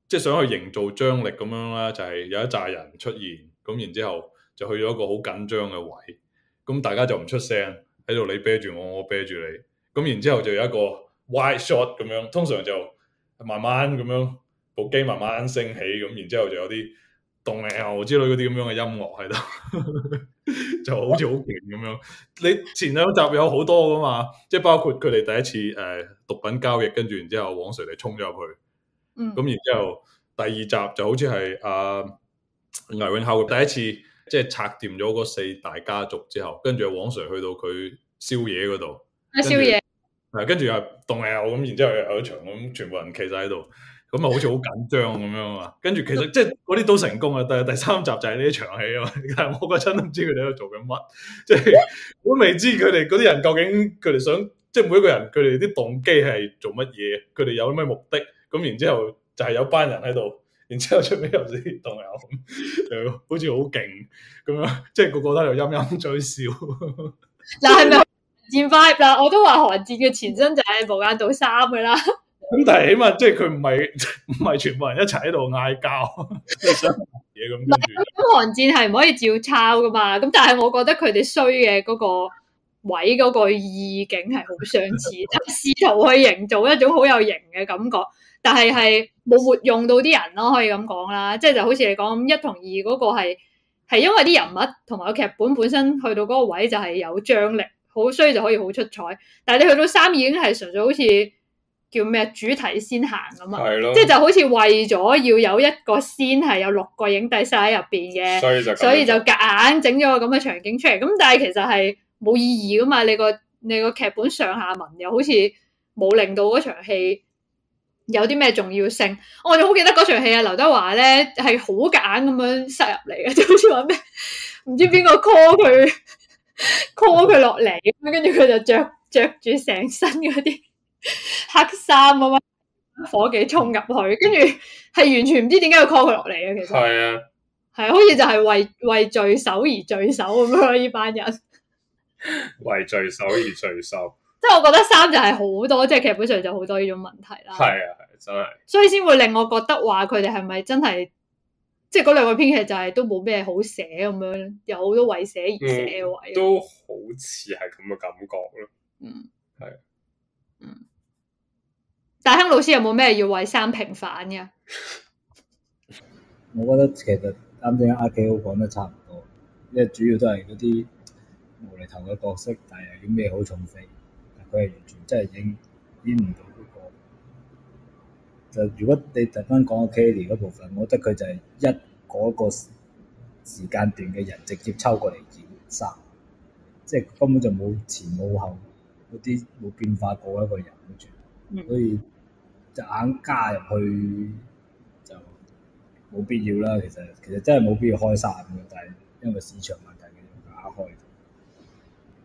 即係想去營造張力咁樣啦。就係、是就是、有一紮人出現，咁然之後就去咗一個好緊張嘅位，咁大家就唔出聲喺度，你啤住我，我啤住你。咁然之後就有一個 wide shot 咁樣，通常就慢慢咁樣。部機慢慢升起，咁然之後就有啲動力號之類嗰啲咁樣嘅音樂喺度， 就好似好勁咁樣。你前兩集有好多噶嘛，即係包括佢哋第一次誒、呃、毒品交易，跟住然之後黃 Sir 哋衝咗入去，嗯，咁然之後第二集就好似係阿倪永孝第一次即係、就是、拆掂咗嗰四大家族之後，跟住黃 Sir 去到佢宵夜嗰度、啊、宵夜係跟住又動力號咁，然之後有一場咁，全部人企晒喺度。咁啊， 好似好緊張咁樣啊！跟住其實即係嗰啲都成功啊，但係第三集就係呢場戲啊，嘛。但係我嗰陣都唔知佢哋喺度做緊乜，即、就、係、是、我都未知佢哋嗰啲人究竟佢哋想即係、就是、每一個人佢哋啲動機係做乜嘢，佢哋有咩目的？咁然之後就係有班人喺度，然之後出邊有啲動力，又、嗯、好似好勁咁樣，即係個個都喺度陰陰嘴笑。嗱，咪寒戰 Vibe 啦，我都話寒戰嘅前身就係無間道三噶啦。咁但係起碼即係佢唔係唔係全部人一齊喺度嗌交，想嘢咁。咁寒 戰係唔可以照抄噶嘛？咁但係我覺得佢哋衰嘅嗰個位，嗰個意境係好相似，就試 圖去營造一種好有型嘅感覺，但係係冇活用到啲人咯，可以咁講啦。即、就、係、是、就好似你講一,一同二嗰個係係因為啲人物同埋個劇本本身去到嗰個位就係有張力，好衰就可以好出彩。但係你去到三已經係純粹好似。叫咩主題先行咁啊？ 即係就好似為咗要有一個先係有六個影帝塞喺入邊嘅，所以就所以就夾硬整咗個咁嘅場景出嚟。咁但係其實係冇意義噶嘛？你個你個劇本上下文又好似冇令到嗰場戲有啲咩重要性。我哋好記得嗰場戲啊，劉德華咧係好夾硬咁樣塞入嚟嘅，就好似話咩唔知邊個 call 佢 call 佢落嚟咁，跟住佢就着着住成身嗰啲。黑衫咁樣，伙計衝入去，跟住係完全唔知點解要 call 佢落嚟嘅。其實係啊，係好似就係為為聚首而聚首咁樣，呢班人為聚首而聚首， 即係我覺得三就係好多，即係劇本上就好多呢種問題啦。係啊，係啊，真係，所以先會令我覺得話佢哋係咪真係即係嗰兩個編劇就係都冇咩好寫咁樣，有好多為寫而寫嘅位、嗯，都好似係咁嘅感覺咯。嗯，係是，嗯。大亨老師有冇咩要為三平反嘅？我覺得其實啱先阿 Ko 講得差唔多，因為主要都係嗰啲無厘頭嘅角色，但係有啲咩好重費，但佢係完全真係演演唔到嗰個。就如果你特登講阿 k e y 嗰部分，我覺得佢就係一嗰個，一個時,時間段嘅人，直接抽過嚟演三，即係根本就冇前冇後嗰啲冇變化過一個人，好似所以。嗯就硬加入去就冇必要啦，其實其實真係冇必要開三嘅，但係因為市場問題就，硬開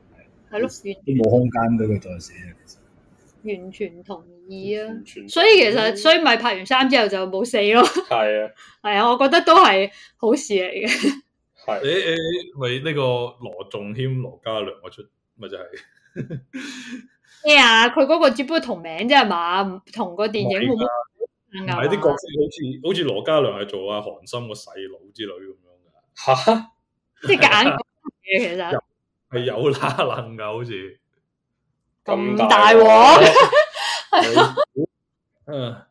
係係咯，都冇了空間俾佢再寫啊！其實完全同意啊！意所以其實所以咪拍完三之後就冇四咯，係啊的，係啊， 我覺得都係好事嚟嘅。係誒誒，咪呢個羅仲謙、羅嘉良我出咪就係。 咩啊？佢嗰，yeah, 個只不過同名啫係嘛，同個電影冇乜。係啲角色好似好似羅嘉良係做阿韓森個細佬之類咁樣噶。吓， 即係夾嘢其實係有拉楞噶，好似咁大鑊，係嗯，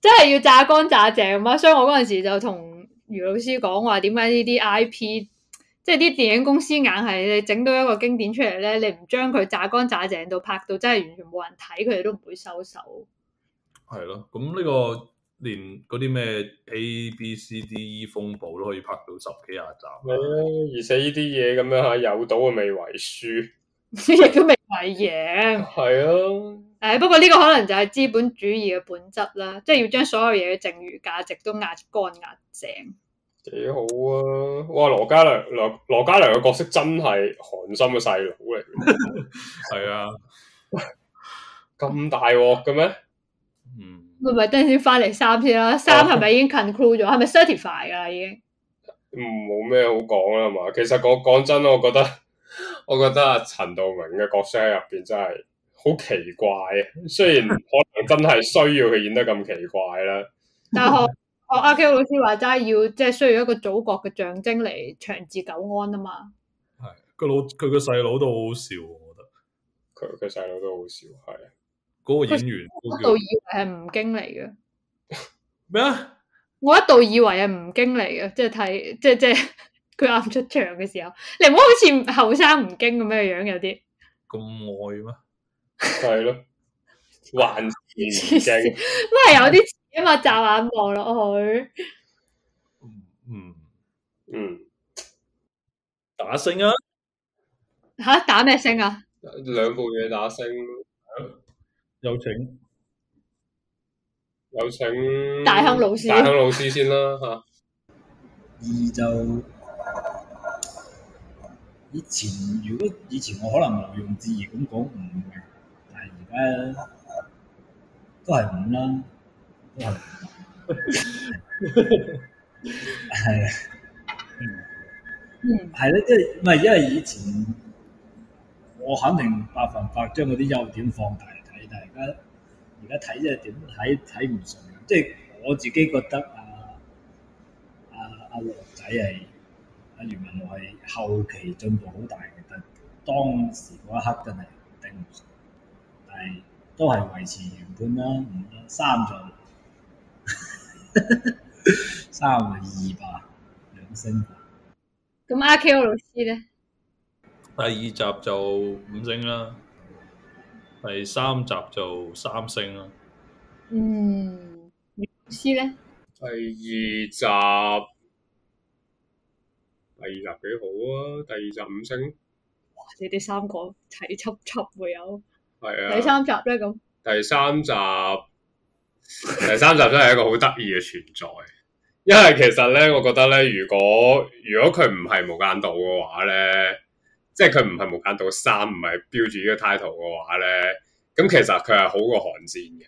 真係要炸乾炸淨啊！所以我嗰陣時就同余老師講話，點解呢啲 IP？即係啲電影公司硬係你整到一個經典出嚟咧，你唔將佢榨乾榨淨到拍到，真係完全冇人睇，佢哋都唔會收手。係咯，咁呢個連嗰啲咩 A、B、C、D、E 風暴都可以拍到十幾廿集。而且呢啲嘢咁樣係有賭嘅未為輸，亦 都未為贏。係啊的，誒、哎，不過呢個可能就係資本主義嘅本質啦，即係要將所有嘢嘅剩餘價值都壓乾壓淨。幾好啊！哇，羅嘉良羅羅嘉良嘅角色真係寒心嘅細佬嚟，係啊， 咁大鑊嘅咩？嗯，唔係，等陣先翻嚟三先啦。三係咪已經 conclude 咗？係咪 certify 噶啦？是是已經唔冇咩好講啦嘛。其實講講真，我覺得我覺得阿陳道明嘅角色喺入邊真係好奇怪。雖然可能真係需要佢演得咁奇怪啦。 但係是。 阿 Q 老師話齋係要即係需要一個祖國嘅象徵嚟長治久安啊嘛，係佢老佢個細佬都好好笑，我覺得佢佢細佬都好笑，係嗰個演員。我一度以為係吳京嚟嘅咩啊？我一度以為係吳京嚟嘅，即係睇即係即係佢啱出場嘅時候，你唔好好似後生吳京咁樣樣有啲咁呆咩？係咯，還吳京，乜有啲？因為眨眼望落去，嗯嗯，打聲啊吓，打咩聲啊？兩部嘢打聲，有請有請大亨老師，大亨老師先啦吓。二 就以前如果以前我可能用字義咁講唔明，但係而家都係唔啦。係，係， 嗯，嗯，係咧，即係唔係？因為以前我肯定百分百將嗰啲優點放大嚟睇，但係而家而家睇，即係點睇睇唔順。即係、就是、我自己覺得啊，阿阿樂仔係阿余文樂係後期進步好大嘅，但當時嗰一刻真係頂唔順，但係都係維持原判啦，唔三進。 三啊二吧，兩星。咁阿 k 老師咧？第二集就五星啦，第三集就三星啦。嗯，老師咧？第二集，第二集幾好啊！第二集五星。哇！你哋三個睇輯輯會有，係啊？第三集咧咁？第三集。第三集真係一個好得意嘅存在，因為其實咧，我覺得咧，如果如果佢唔係無間道嘅話咧，即係佢唔係無間道三，唔係標住呢個 title 嘅話咧，咁其實佢係好過寒戰嘅，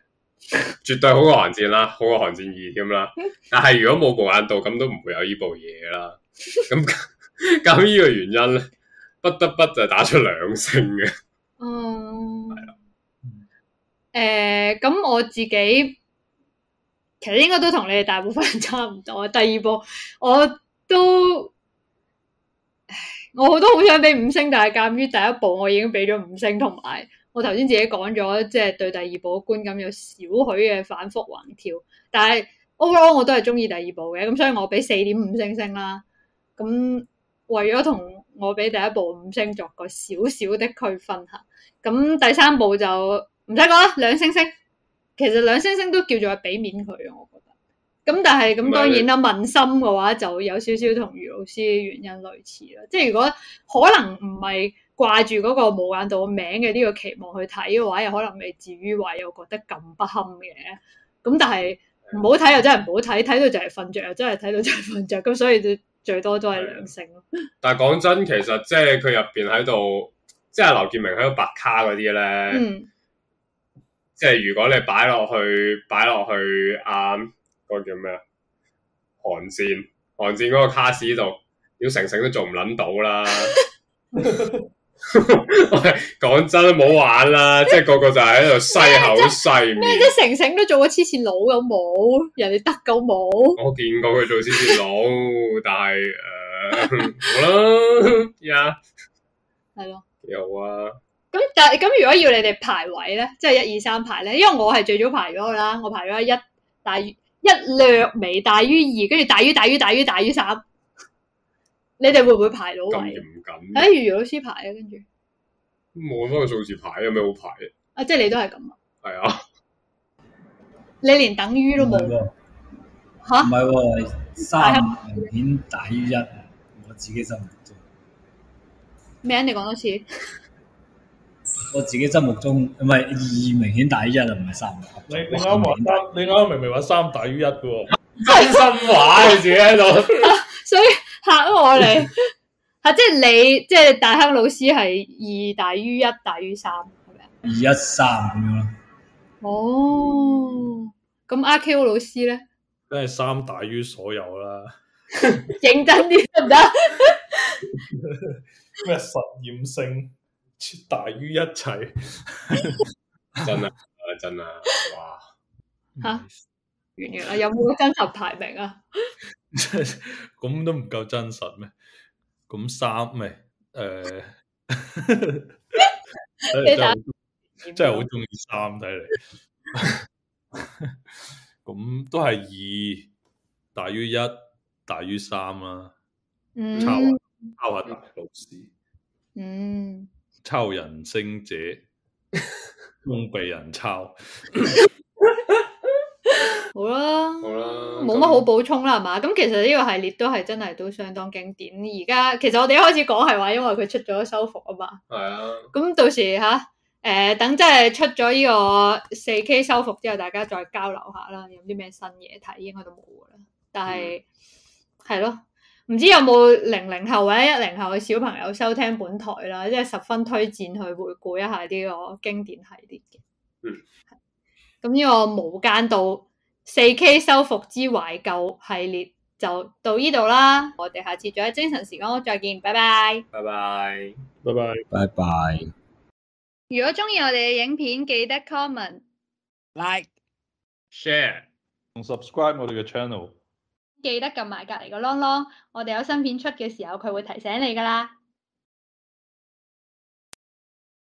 絕對好過寒戰啦，好過寒戰二添啦。但係如果冇無間道，咁都唔會有呢部嘢啦。咁咁呢個原因咧，不得不就打出兩星嘅。嗯，係啦的，誒、呃，咁我自己。其實應該都同你哋大部分人差唔多。第二部我都我都好想俾五星，但係鑑於第一部我已經俾咗五星，同埋我頭先自己講咗，即係對第二部嘅觀感有少許嘅反覆橫跳。但係 overall 我都係中意第二部嘅，咁所以我俾四點五星星啦。咁為咗同我俾第一部五星作個少少的區分嚇。咁第三部就唔使講啦，兩星星。其實兩星星都叫做俾面佢啊，我覺得。咁但係咁當然啦、嗯啊，問心嘅話就有少少同余老師原因類似啦。即係如果可能唔係掛住嗰個無間道名嘅呢個期望去睇嘅話，又可能未至於話又覺得咁不堪嘅。咁但係唔、嗯、好睇又真係唔好睇，睇到就係瞓着，又真係睇到就係瞓着。咁所以就最多都係兩星咯、嗯。但係講真，其實即係佢入邊喺度，即係劉建明喺度白卡嗰啲咧。嗯。即係如果你擺落去擺落去啊，嗰個叫咩啊，寒戰寒戰嗰個卡士度，要成成都做唔捻到啦！講 真，冇玩啦！ 即係個個就係喺度西口西面啫？成成都做過黐線佬有冇？人哋得夠冇？我見過佢做黐線佬， 但係誒好啦，呀係咯，幾好啊。咁但係咁，如果要你哋排位咧，即係一二三排咧，因為我係最早排咗嘅啦，我排咗一大於一略微大於二，跟住大於大於大於大於三，你哋會唔會排到位？唔緊，誒，余老師排啊，跟住，冇乜數字排有咩好排啊？即係你都係咁啊？係啊，你連等於都冇吓？唔係喎，三明顯大於一，啊，嗎我自己心目中咩啊？你講多次。 我自己心目中唔係二明顯大於一啦，唔係三,三。你你啱話，你啱啱明明話三大於一嘅喎，哦， 真心話你 自己喺度， 所以吓我 你吓，即係你即係大亨老師，係二大於一大於三係咪啊？二一三咁樣咯。哦，咁阿 Q 老師咧，真係三大於所有啦。認真啲得唔得？咩 實驗性？大於一切、 啊，真啊真啊，哇！吓，完咗啦，有冇真實排名啊？咁 都唔夠真實咩？咁三咪誒，真係真係好中意三，睇嚟。咁、呃、 看 都係二大於一大於三啦、啊嗯，抄抄下大老師，嗯。抄人星者，都被人抄。 啦 好啦，冇乜好補充啦，係嘛，嗯？咁其實呢個系列都係真係都相當經典。而家其實我哋一開始講係話，因為佢出咗修復啊嘛。係啊。咁到時吓，誒、呃，等即係出咗呢個四 K 修復之後，大家再交流下啦，有啲咩新嘢睇，應該都冇噶啦。但係係咯。 唔知有冇零零後或者一零後嘅小朋友收聽本台啦，即係十分推薦去回顧一下呢個經典系列嘅。嗯。係。咁呢個無間道四 K 修復之懷舊系列就到呢度啦。我哋下次再喺精神時光屋再見，拜拜。拜拜，拜拜，拜拜。如果中意我哋嘅影片，記得 comment、like、share 同 subscribe 我哋嘅 channel。記得撳埋隔離個“啷啷”，我哋有新片出嘅時候，佢會提醒你噶啦。